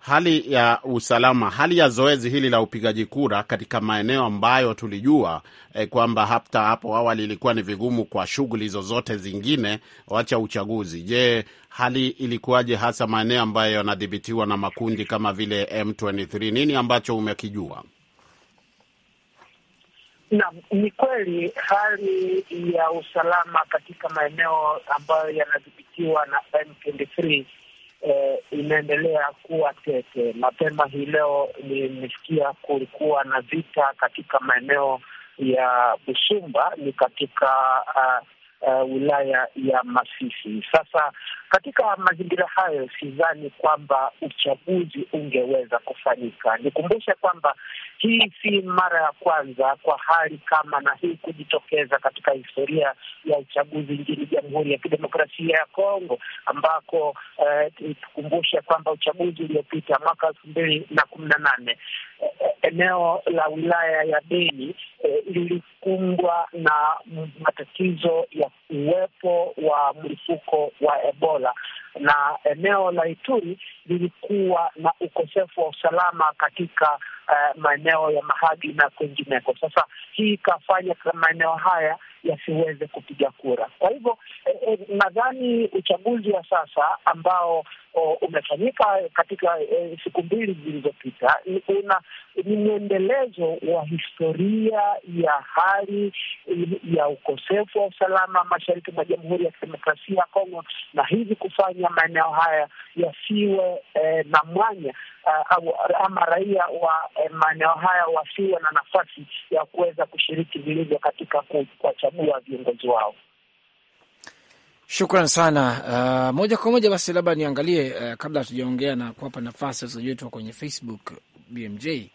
hali ya usalama, hali ya zoezi hili la upigaji kura katika maeneo ambayo tulijua eh, kwamba hata hapo awali ilikuwa ni vigumu kwa shughuli zozote zingine, wacha uchaguzi. Je, hali ilikuwaje hasa maeneo ambayo yanadhibitiwa na makundi kama vile M23? Nini ambacho umekijua? Naam, ni kweli hali ya usalama katika maeneo ambayo yanadhibitiwa na M23 eh, inaendelea kuwa tete. Mapema hii leo nimesikia kulikuwa na vita katika maeneo ya Busumba, ni katika uh, uh, wilaya ya Masisi. Sasa katika mazingira hayo, sidhani kwamba uchaguzi ungeweza kufanyika. Nikumbushe kwamba hii si mara ya kwanza kwa hali kama na hii kujitokeza katika historia ya uchaguzi nchini Jamhuri ya Kidemokrasia ya Kongo, ambako uh, tukumbushe kwamba uchaguzi uliopita mwaka elfu mbili na kumi na nane eh, eneo la wilaya ya Beni eh, lilikumbwa na matatizo ya uwepo wa mlipuko wa Ebola na eneo la Ituri lilikuwa na ukosefu wa usalama katika uh, maeneo ya Mahagi na kwengineko. Sasa hii ikafanya maeneo haya yasiweze kupiga kura. Kwa hivyo eh, eh, nadhani uchaguzi wa sasa ambao oh, umefanyika katika eh, siku mbili zilizopita ni mwendelezo wa historia ya hali eh, ya ukosefu wa usalama mashariki mwa Jamhuri ya Kidemokrasia ya Kongo, na hivi kufanya maeneo haya yasiwe eh, na mwanya uh, ama raia wa eh, maeneo haya wasiwe na nafasi ya kuweza kushiriki vilivyo katika kuwachagua viongozi wao. Shukran sana. Uh, moja kwa moja basi labda niangalie uh, kabla hatujaongea na kuwapa nafasi wazaji wetu kwenye Facebook BMJ e,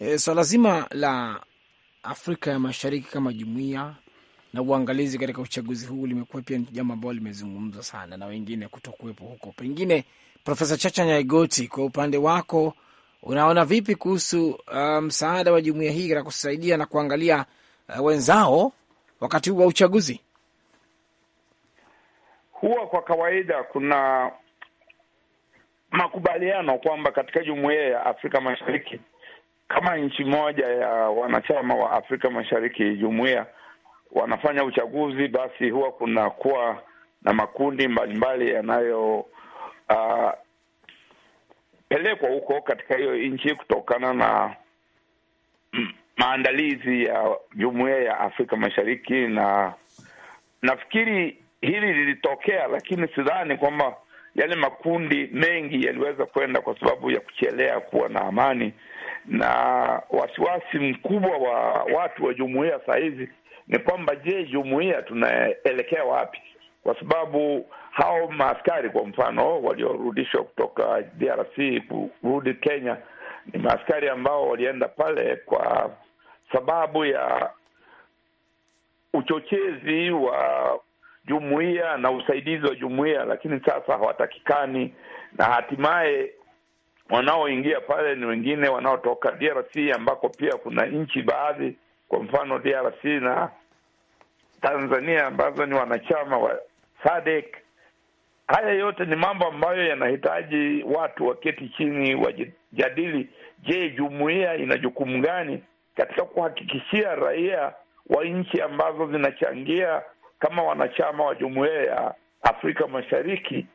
uh, swala so zima la Afrika ya Mashariki kama jumuiya na uangalizi katika uchaguzi huu limekuwa pia jambo ambalo limezungumzwa sana na wengine kutokuwepo huko. Pengine Profesa Chacha Nyaigoti, kwa upande wako unaona vipi kuhusu uh, msaada um, wa jumuia hii katika kusaidia na kuangalia uh, wenzao wakati huu wa uchaguzi? Huwa kwa kawaida kuna makubaliano kwamba katika jumuia ya Afrika Mashariki kama nchi moja ya wanachama wa Afrika Mashariki jumuia wanafanya uchaguzi, basi huwa kunakuwa na makundi mbalimbali yanayo uh, pelekwa huko katika hiyo nchi kutokana na mm, maandalizi ya jumuiya ya Afrika Mashariki, na nafikiri hili lilitokea, lakini sidhani kwamba yale makundi mengi yaliweza kwenda kwa sababu ya kuchelea kuwa na amani, na wasiwasi mkubwa wa watu wa jumuiya saa hizi ni kwamba, je, jumuiya tunaelekea wapi? kwa sababu hao maaskari kwa mfano waliorudishwa kutoka DRC kurudi Kenya ni maaskari ambao walienda pale kwa sababu ya uchochezi wa jumuiya na usaidizi wa jumuiya, lakini sasa hawatakikani, na hatimaye wanaoingia pale ni wengine wanaotoka DRC ambako pia kuna nchi baadhi, kwa mfano DRC na Tanzania ambazo ni wanachama wa SADC. Haya yote ni mambo ambayo yanahitaji watu waketi chini, wajadili, je, jumuiya ina jukumu gani katika kuhakikishia raia wa nchi ambazo zinachangia kama wanachama wa jumuiya ya Afrika Mashariki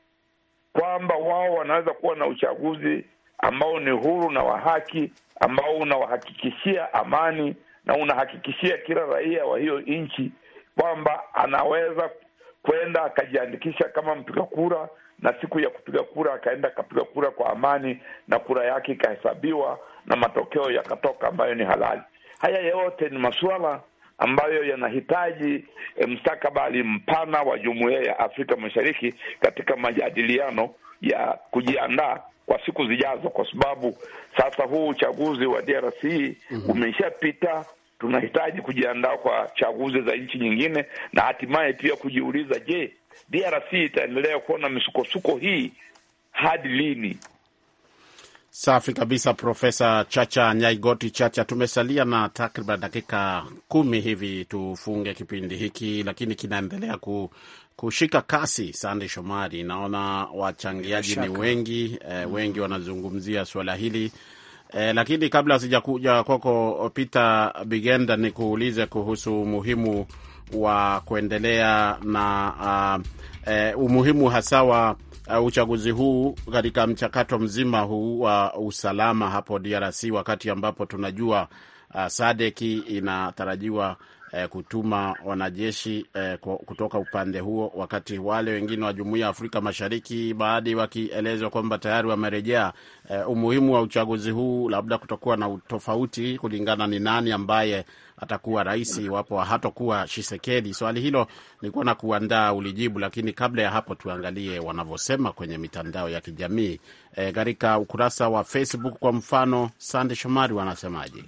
kwamba wao wanaweza kuwa na uchaguzi ambao ni huru na wa haki, ambao unawahakikishia amani na unahakikishia kila raia wa hiyo nchi kwamba anaweza kwenda akajiandikisha kama mpiga kura, na siku ya kupiga kura akaenda akapiga kura kwa amani, na kura yake ikahesabiwa na matokeo yakatoka ambayo ni halali. Haya yote ni masuala ambayo yanahitaji eh, mstakabali mpana wa jumuiya ya Afrika Mashariki katika majadiliano ya kujiandaa kwa siku zijazo, kwa sababu sasa huu uchaguzi wa DRC mm -hmm. umeshapita tunahitaji kujiandaa kwa chaguzi za nchi nyingine na hatimaye pia kujiuliza, je, DRC itaendelea kuona misukosuko hii hadi lini? Safi kabisa, Profesa Chacha Nyaigoti Chacha. Tumesalia na takriban dakika kumi hivi tufunge kipindi hiki, lakini kinaendelea ku kushika kasi. Sande Shomari, naona wachangiaji ni wengi eh, mm. wengi wanazungumzia suala hili Eh, lakini kabla sijakuja kwako Peter Bigenda, nikuulize kuhusu umuhimu wa kuendelea na uh, eh, umuhimu hasa wa uh, uchaguzi huu katika mchakato mzima huu wa uh, usalama hapo DRC, wakati ambapo tunajua uh, Sadeki inatarajiwa eh, kutuma wanajeshi eh, kutoka upande huo, wakati wale wengine wa Jumuiya ya Afrika Mashariki baadhi wakielezwa kwamba tayari wamerejea. Eh, umuhimu wa uchaguzi huu labda kutakuwa na utofauti kulingana ni nani ambaye atakuwa rais iwapo hatokuwa Shisekedi. Swali hilo nilikuwa na kuandaa ulijibu, lakini kabla ya hapo tuangalie wanavyosema kwenye mitandao ya kijamii eh, katika e, ukurasa wa Facebook kwa mfano, Sande Shomari wanasemaje?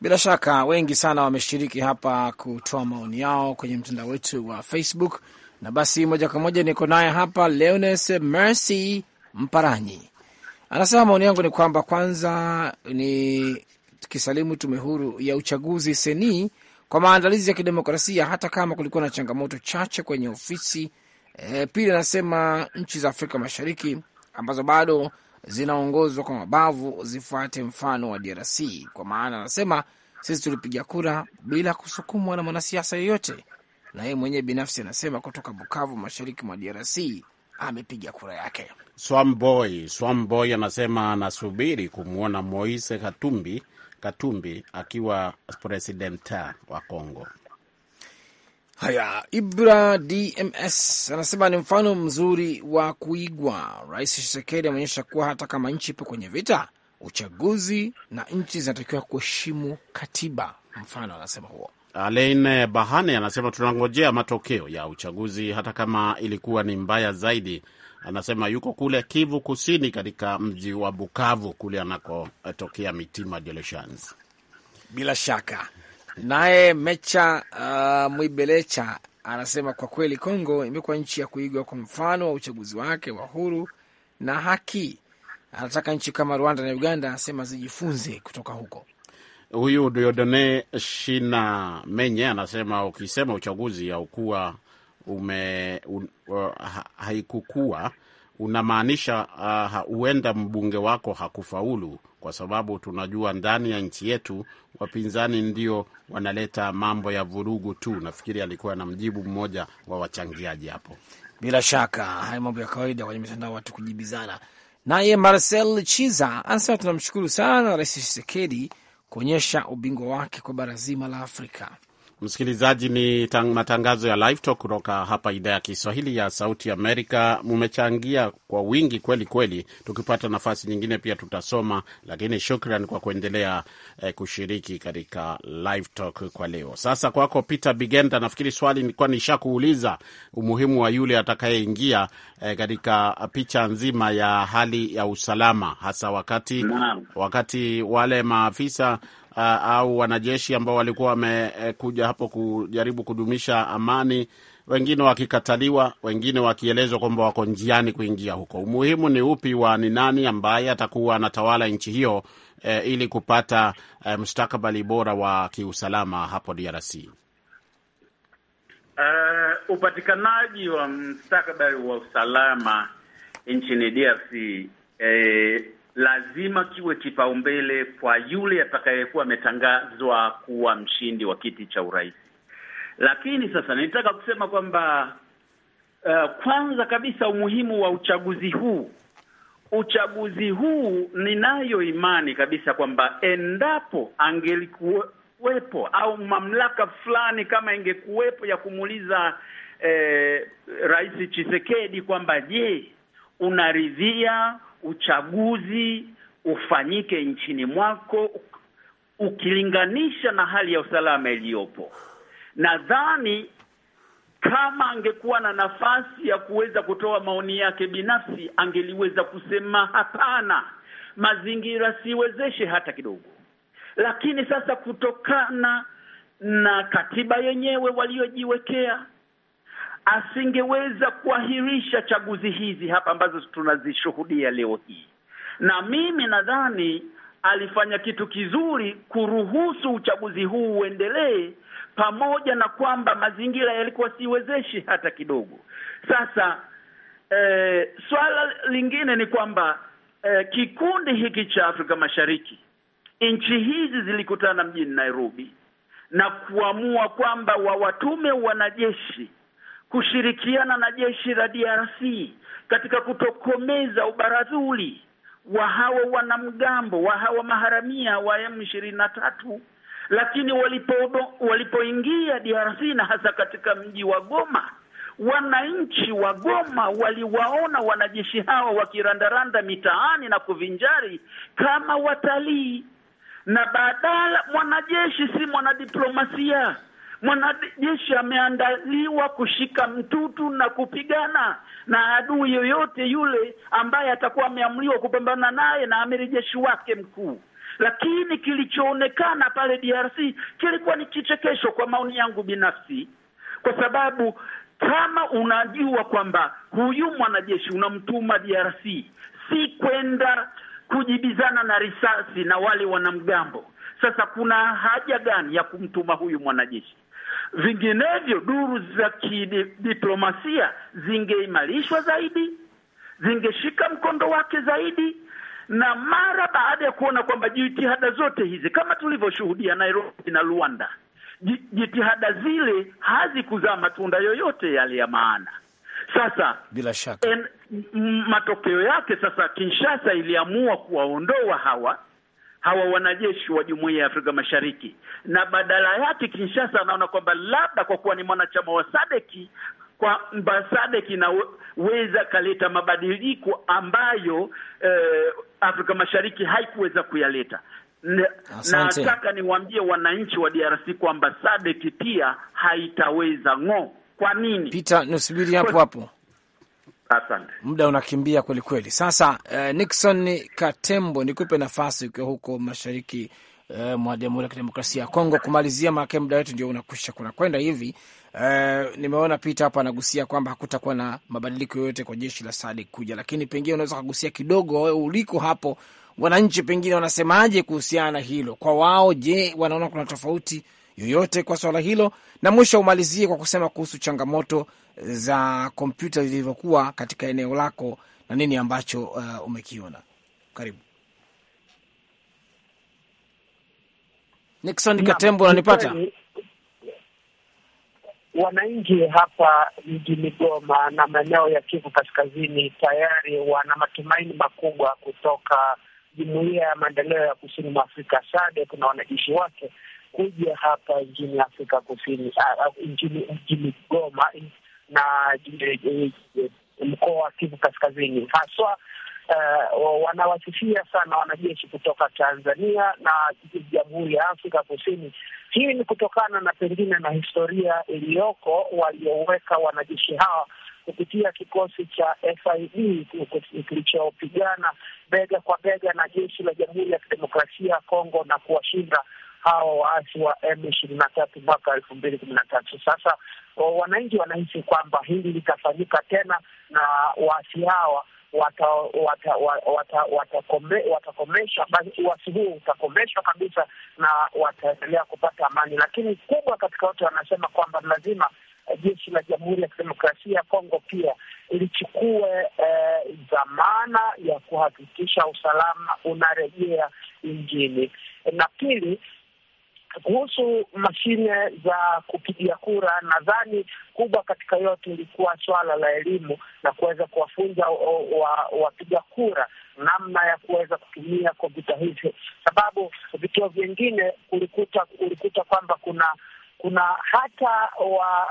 Bila shaka wengi sana wameshiriki hapa kutoa maoni yao kwenye mtandao wetu wa Facebook, na basi moja kwa moja niko naye hapa Leones Mercy Mparanyi anasema maoni yangu ni kwamba kwanza ni kisalimu tume huru ya uchaguzi seni kwa maandalizi ya kidemokrasia hata kama kulikuwa na changamoto chache kwenye ofisi e. Pili anasema nchi za Afrika Mashariki ambazo bado zinaongozwa kwa mabavu zifuate mfano wa DRC, kwa maana anasema sisi tulipiga kura bila kusukumwa na mwanasiasa yoyote, na yeye mwenyewe binafsi anasema kutoka Bukavu, mashariki mwa DRC, amepiga kura yake. Swamboy Swamboy anasema anasubiri kumwona Moise Katumbi Katumbi akiwa presidenta wa congo Haya, Ibra DMS anasema ni mfano mzuri wa kuigwa. Rais Tshisekedi ameonyesha kuwa hata kama nchi ipo kwenye vita, uchaguzi na nchi zinatakiwa kuheshimu katiba. Mfano anasema huo. Alain Bahane anasema tunangojea matokeo ya uchaguzi hata kama ilikuwa ni mbaya zaidi. Anasema yuko kule Kivu Kusini, katika mji wa Bukavu kule anakotokea Mitima Bila shaka Naye Mecha uh, Mwibelecha anasema kwa kweli Kongo imekuwa nchi ya kuigwa kwa mfano wa uchaguzi wake wa huru na haki. Anataka nchi kama Rwanda na Uganda, anasema zijifunze kutoka huko. Huyu Diodone Shina Menye anasema ukisema uchaguzi haukuwa ume un, uh, haikukuwa unamaanisha uh, huenda uh, mbunge wako hakufaulu kwa sababu tunajua ndani ya nchi yetu wapinzani ndio wanaleta mambo ya vurugu tu. Nafikiri alikuwa na mjibu mmoja wa wachangiaji hapo. Bila shaka haya mambo ya kawaida kwenye mitandao, watu kujibizana. Naye Marcel Chiza anasema tunamshukuru sana Rais Tshisekedi kuonyesha ubingwa wake kwa bara zima la Afrika. Msikilizaji, ni matangazo ya Live Talk kutoka hapa idhaa ya Kiswahili ya Sauti Amerika. Mmechangia kwa wingi kweli kweli. Tukipata nafasi nyingine pia tutasoma, lakini shukran kwa kuendelea eh, kushiriki katika Live Talk kwa leo. Sasa kwako Peter Bigenda, nafikiri swali nilikuwa nishakuuliza umuhimu wa yule atakayeingia eh, katika picha nzima ya hali ya usalama, hasa wakati, wakati wale maafisa uh, au wanajeshi ambao walikuwa wamekuja hapo kujaribu kudumisha amani, wengine wakikataliwa, wengine wakielezwa kwamba wako njiani kuingia huko. Umuhimu ni upi wa ni nani ambaye atakuwa anatawala nchi hiyo eh, ili kupata eh, mustakabali bora wa kiusalama hapo DRC? Uh, upatikanaji wa mustakabali wa usalama nchini DRC eh, lazima kiwe kipaumbele kwa yule atakayekuwa ametangazwa kuwa mshindi wa kiti cha urais. Lakini sasa nilitaka kusema kwamba uh, kwanza kabisa umuhimu wa uchaguzi huu. Uchaguzi huu ninayo imani kabisa kwamba endapo angelikuwepo au mamlaka fulani kama ingekuwepo ya kumuuliza eh, Rais Chisekedi kwamba je, unaridhia uchaguzi ufanyike nchini mwako ukilinganisha na hali ya usalama iliyopo. Nadhani kama angekuwa na nafasi ya kuweza kutoa maoni yake binafsi, angeliweza kusema hapana, mazingira siwezeshe hata kidogo. Lakini sasa kutokana na katiba yenyewe waliojiwekea asingeweza kuahirisha chaguzi hizi hapa ambazo tunazishuhudia leo hii. Na mimi nadhani alifanya kitu kizuri kuruhusu uchaguzi huu uendelee, pamoja na kwamba mazingira yalikuwa siwezeshi hata kidogo. Sasa eh, swala lingine ni kwamba eh, kikundi hiki cha Afrika Mashariki, nchi hizi zilikutana mjini Nairobi na kuamua kwamba wawatume wanajeshi kushirikiana na jeshi la DRC katika kutokomeza ubaradhuli wa hawa wanamgambo wa hawa maharamia wa M23 lakini walipoingia DRC na hasa katika mji wa Goma wananchi wa Goma waliwaona wanajeshi hawa wakirandaranda mitaani na kuvinjari kama watalii, na badala mwanajeshi si mwanadiplomasia Mwanajeshi ameandaliwa kushika mtutu na kupigana na adui yoyote yule ambaye atakuwa ameamriwa kupambana naye na amiri jeshi wake mkuu. Lakini kilichoonekana pale DRC kilikuwa ni kichekesho, kwa maoni yangu binafsi, kwa sababu kama unajua kwamba huyu mwanajeshi unamtuma DRC si kwenda kujibizana na risasi na wale wanamgambo, sasa kuna haja gani ya kumtuma huyu mwanajeshi? Vinginevyo duru za kidiplomasia zingeimarishwa zaidi, zingeshika mkondo wake zaidi, na mara baada ya kuona kwamba jitihada zote hizi kama tulivyoshuhudia Nairobi na Luanda, jitihada zile hazikuzaa matunda yoyote yale ya maana. Sasa bila shaka en, matokeo yake sasa Kinshasa iliamua kuwaondoa hawa hawa wanajeshi wa Jumuiya ya Afrika Mashariki, na badala yake Kinshasa anaona kwamba labda kwa kuwa ni mwanachama wa Sadeki kwamba Sadeki inaweza kaleta mabadiliko ambayo eh, Afrika Mashariki haikuweza kuyaleta. Nataka na niwaambie wananchi wa DRC kwamba Sadeki pia haitaweza ng'o. Kwa nini? Peter, nusubiri hapo hapo Asante, muda unakimbia kweli kweli. Sasa uh, Nixon Katembo, nikupe nafasi ukiwa huko mashariki uh, mwa Jamhuri ya Kidemokrasia ya Kongo kumalizia, maana muda wetu ndio unakwisha, kwenda hivi. Uh, nimeona Pita hapa anagusia kwamba hakutakuwa na mabadiliko yoyote kwa jeshi la Sadik kuja, lakini pengine unaweza kugusia kidogo, wewe uliko hapo, wananchi pengine wanasemaje kuhusiana na hilo? Kwa wao, je, wanaona kuna tofauti yoyote kwa swala hilo, na mwisho umalizie kwa kusema kuhusu changamoto za kompyuta zilivyokuwa katika eneo lako na nini ambacho uh, umekiona. Karibu Nixon Katembo, unanipata? Wananchi hapa mjini Goma na maeneo ya Kivu Kaskazini tayari wana matumaini makubwa kutoka Jumuiya ya Maendeleo ya Kusini mwa Afrika SADC na wanajeshi wake kuja hapa nchini Afrika Kusini, nchini Goma na eh, eh, mkoa wa Kivu Kaskazini haswa. Uh, wanawasifia sana wanajeshi kutoka Tanzania na Jamhuri ya Afrika Kusini. Hii ni kutokana na pengine na historia iliyoko walioweka wanajeshi hawa kupitia kikosi cha FIB kilichopigana bega kwa bega na jeshi la Jamhuri ya Kidemokrasia ya Kongo na kuwashinda hawa waasi wa M ishirini na tatu mwaka elfu mbili kumi na tatu. Sasa wananchi wanahisi kwamba hili litafanyika tena na waasi hawa watakomesha wata, wata, wata wata uasi huo utakomeshwa kabisa na wataendelea kupata amani, lakini kubwa katika wote wanasema kwamba lazima eh, jeshi la Jamhuri ya Kidemokrasia ya Kongo pia lichukue eh, ya kuhakikisha usalama unarejea nchini, na pili kuhusu mashine za kupigia kura, nadhani kubwa katika yote ilikuwa swala la elimu na kuweza kuwafunza wapiga wa, wa kura namna ya kuweza kutumia kompyuta hivyo, sababu vituo vingine ulikuta ulikuta kwamba kuna kuna hata wa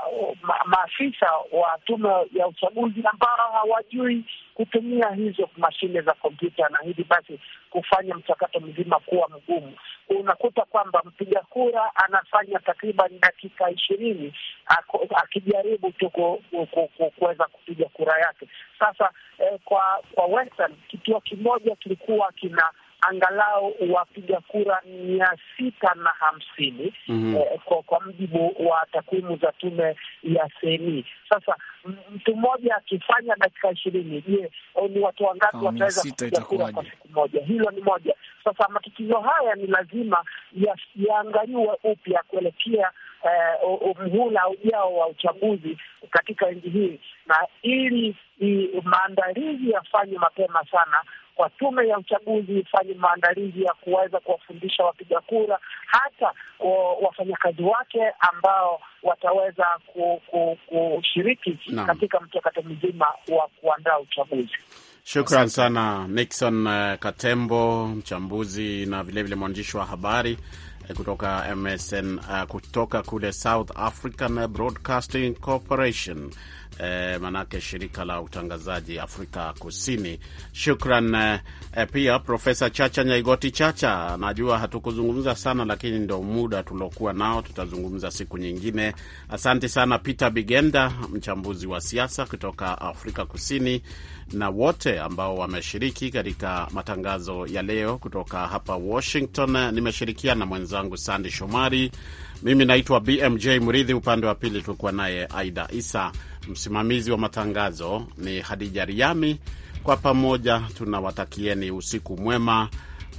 maafisa wa tume ya uchaguzi ambao hawajui kutumia hizo mashine za kompyuta, na hivi basi kufanya mchakato mzima kuwa mgumu. Unakuta kwamba mpiga kura anafanya takriban dakika ishirini akijaribu tu kuweza kupiga kura yake. Sasa eh, kwa kwa Western kituo kimoja kilikuwa kina angalau wapiga kura mia sita na hamsini mm -hmm. eh, kwa, kwa mjibu wa takwimu za tume ya seni. Sasa mtu mmoja akifanya dakika ishirini, je, ni watu wangapi wataweza kupiga kura kwa siku moja? Hilo ni moja. Sasa matatizo haya ni lazima yaangaliwe upya kuelekea eh, mhula ujao wa uchaguzi katika nchi hii, na ili maandalizi yafanywe mapema sana kwa tume ya uchaguzi ifanye maandalizi ya kuweza kuwafundisha wapiga kura, hata wafanyakazi wake ambao wataweza kushiriki ku, ku, katika mchakato mzima wa kuandaa uchaguzi. Shukran sana Nixon eh, Katembo, mchambuzi na vilevile mwandishi wa habari eh, kutoka MSN, eh, kutoka kule South African Broadcasting Corporation eh, manake shirika la utangazaji Afrika Kusini. Shukran eh, pia Profesa Chacha Nyaigoti Chacha. Najua hatukuzungumza sana, lakini ndo muda tuliokuwa nao, tutazungumza siku nyingine. Asante sana Peter Bigenda, mchambuzi wa siasa kutoka Afrika Kusini, na wote ambao wameshiriki katika matangazo ya leo kutoka hapa Washington. Nimeshirikiana na mwenzangu Sandi Shomari. Mimi naitwa BMJ Mridhi, upande wa pili tulikuwa naye Aida Isa. Msimamizi wa matangazo ni Hadija Riami. Kwa pamoja tunawatakieni usiku mwema.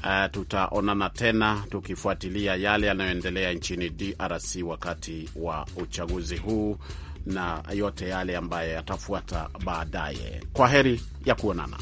Uh, tutaonana tena tukifuatilia yale yanayoendelea nchini DRC wakati wa uchaguzi huu na yote yale ambayo yatafuata baadaye. Kwa heri ya kuonana.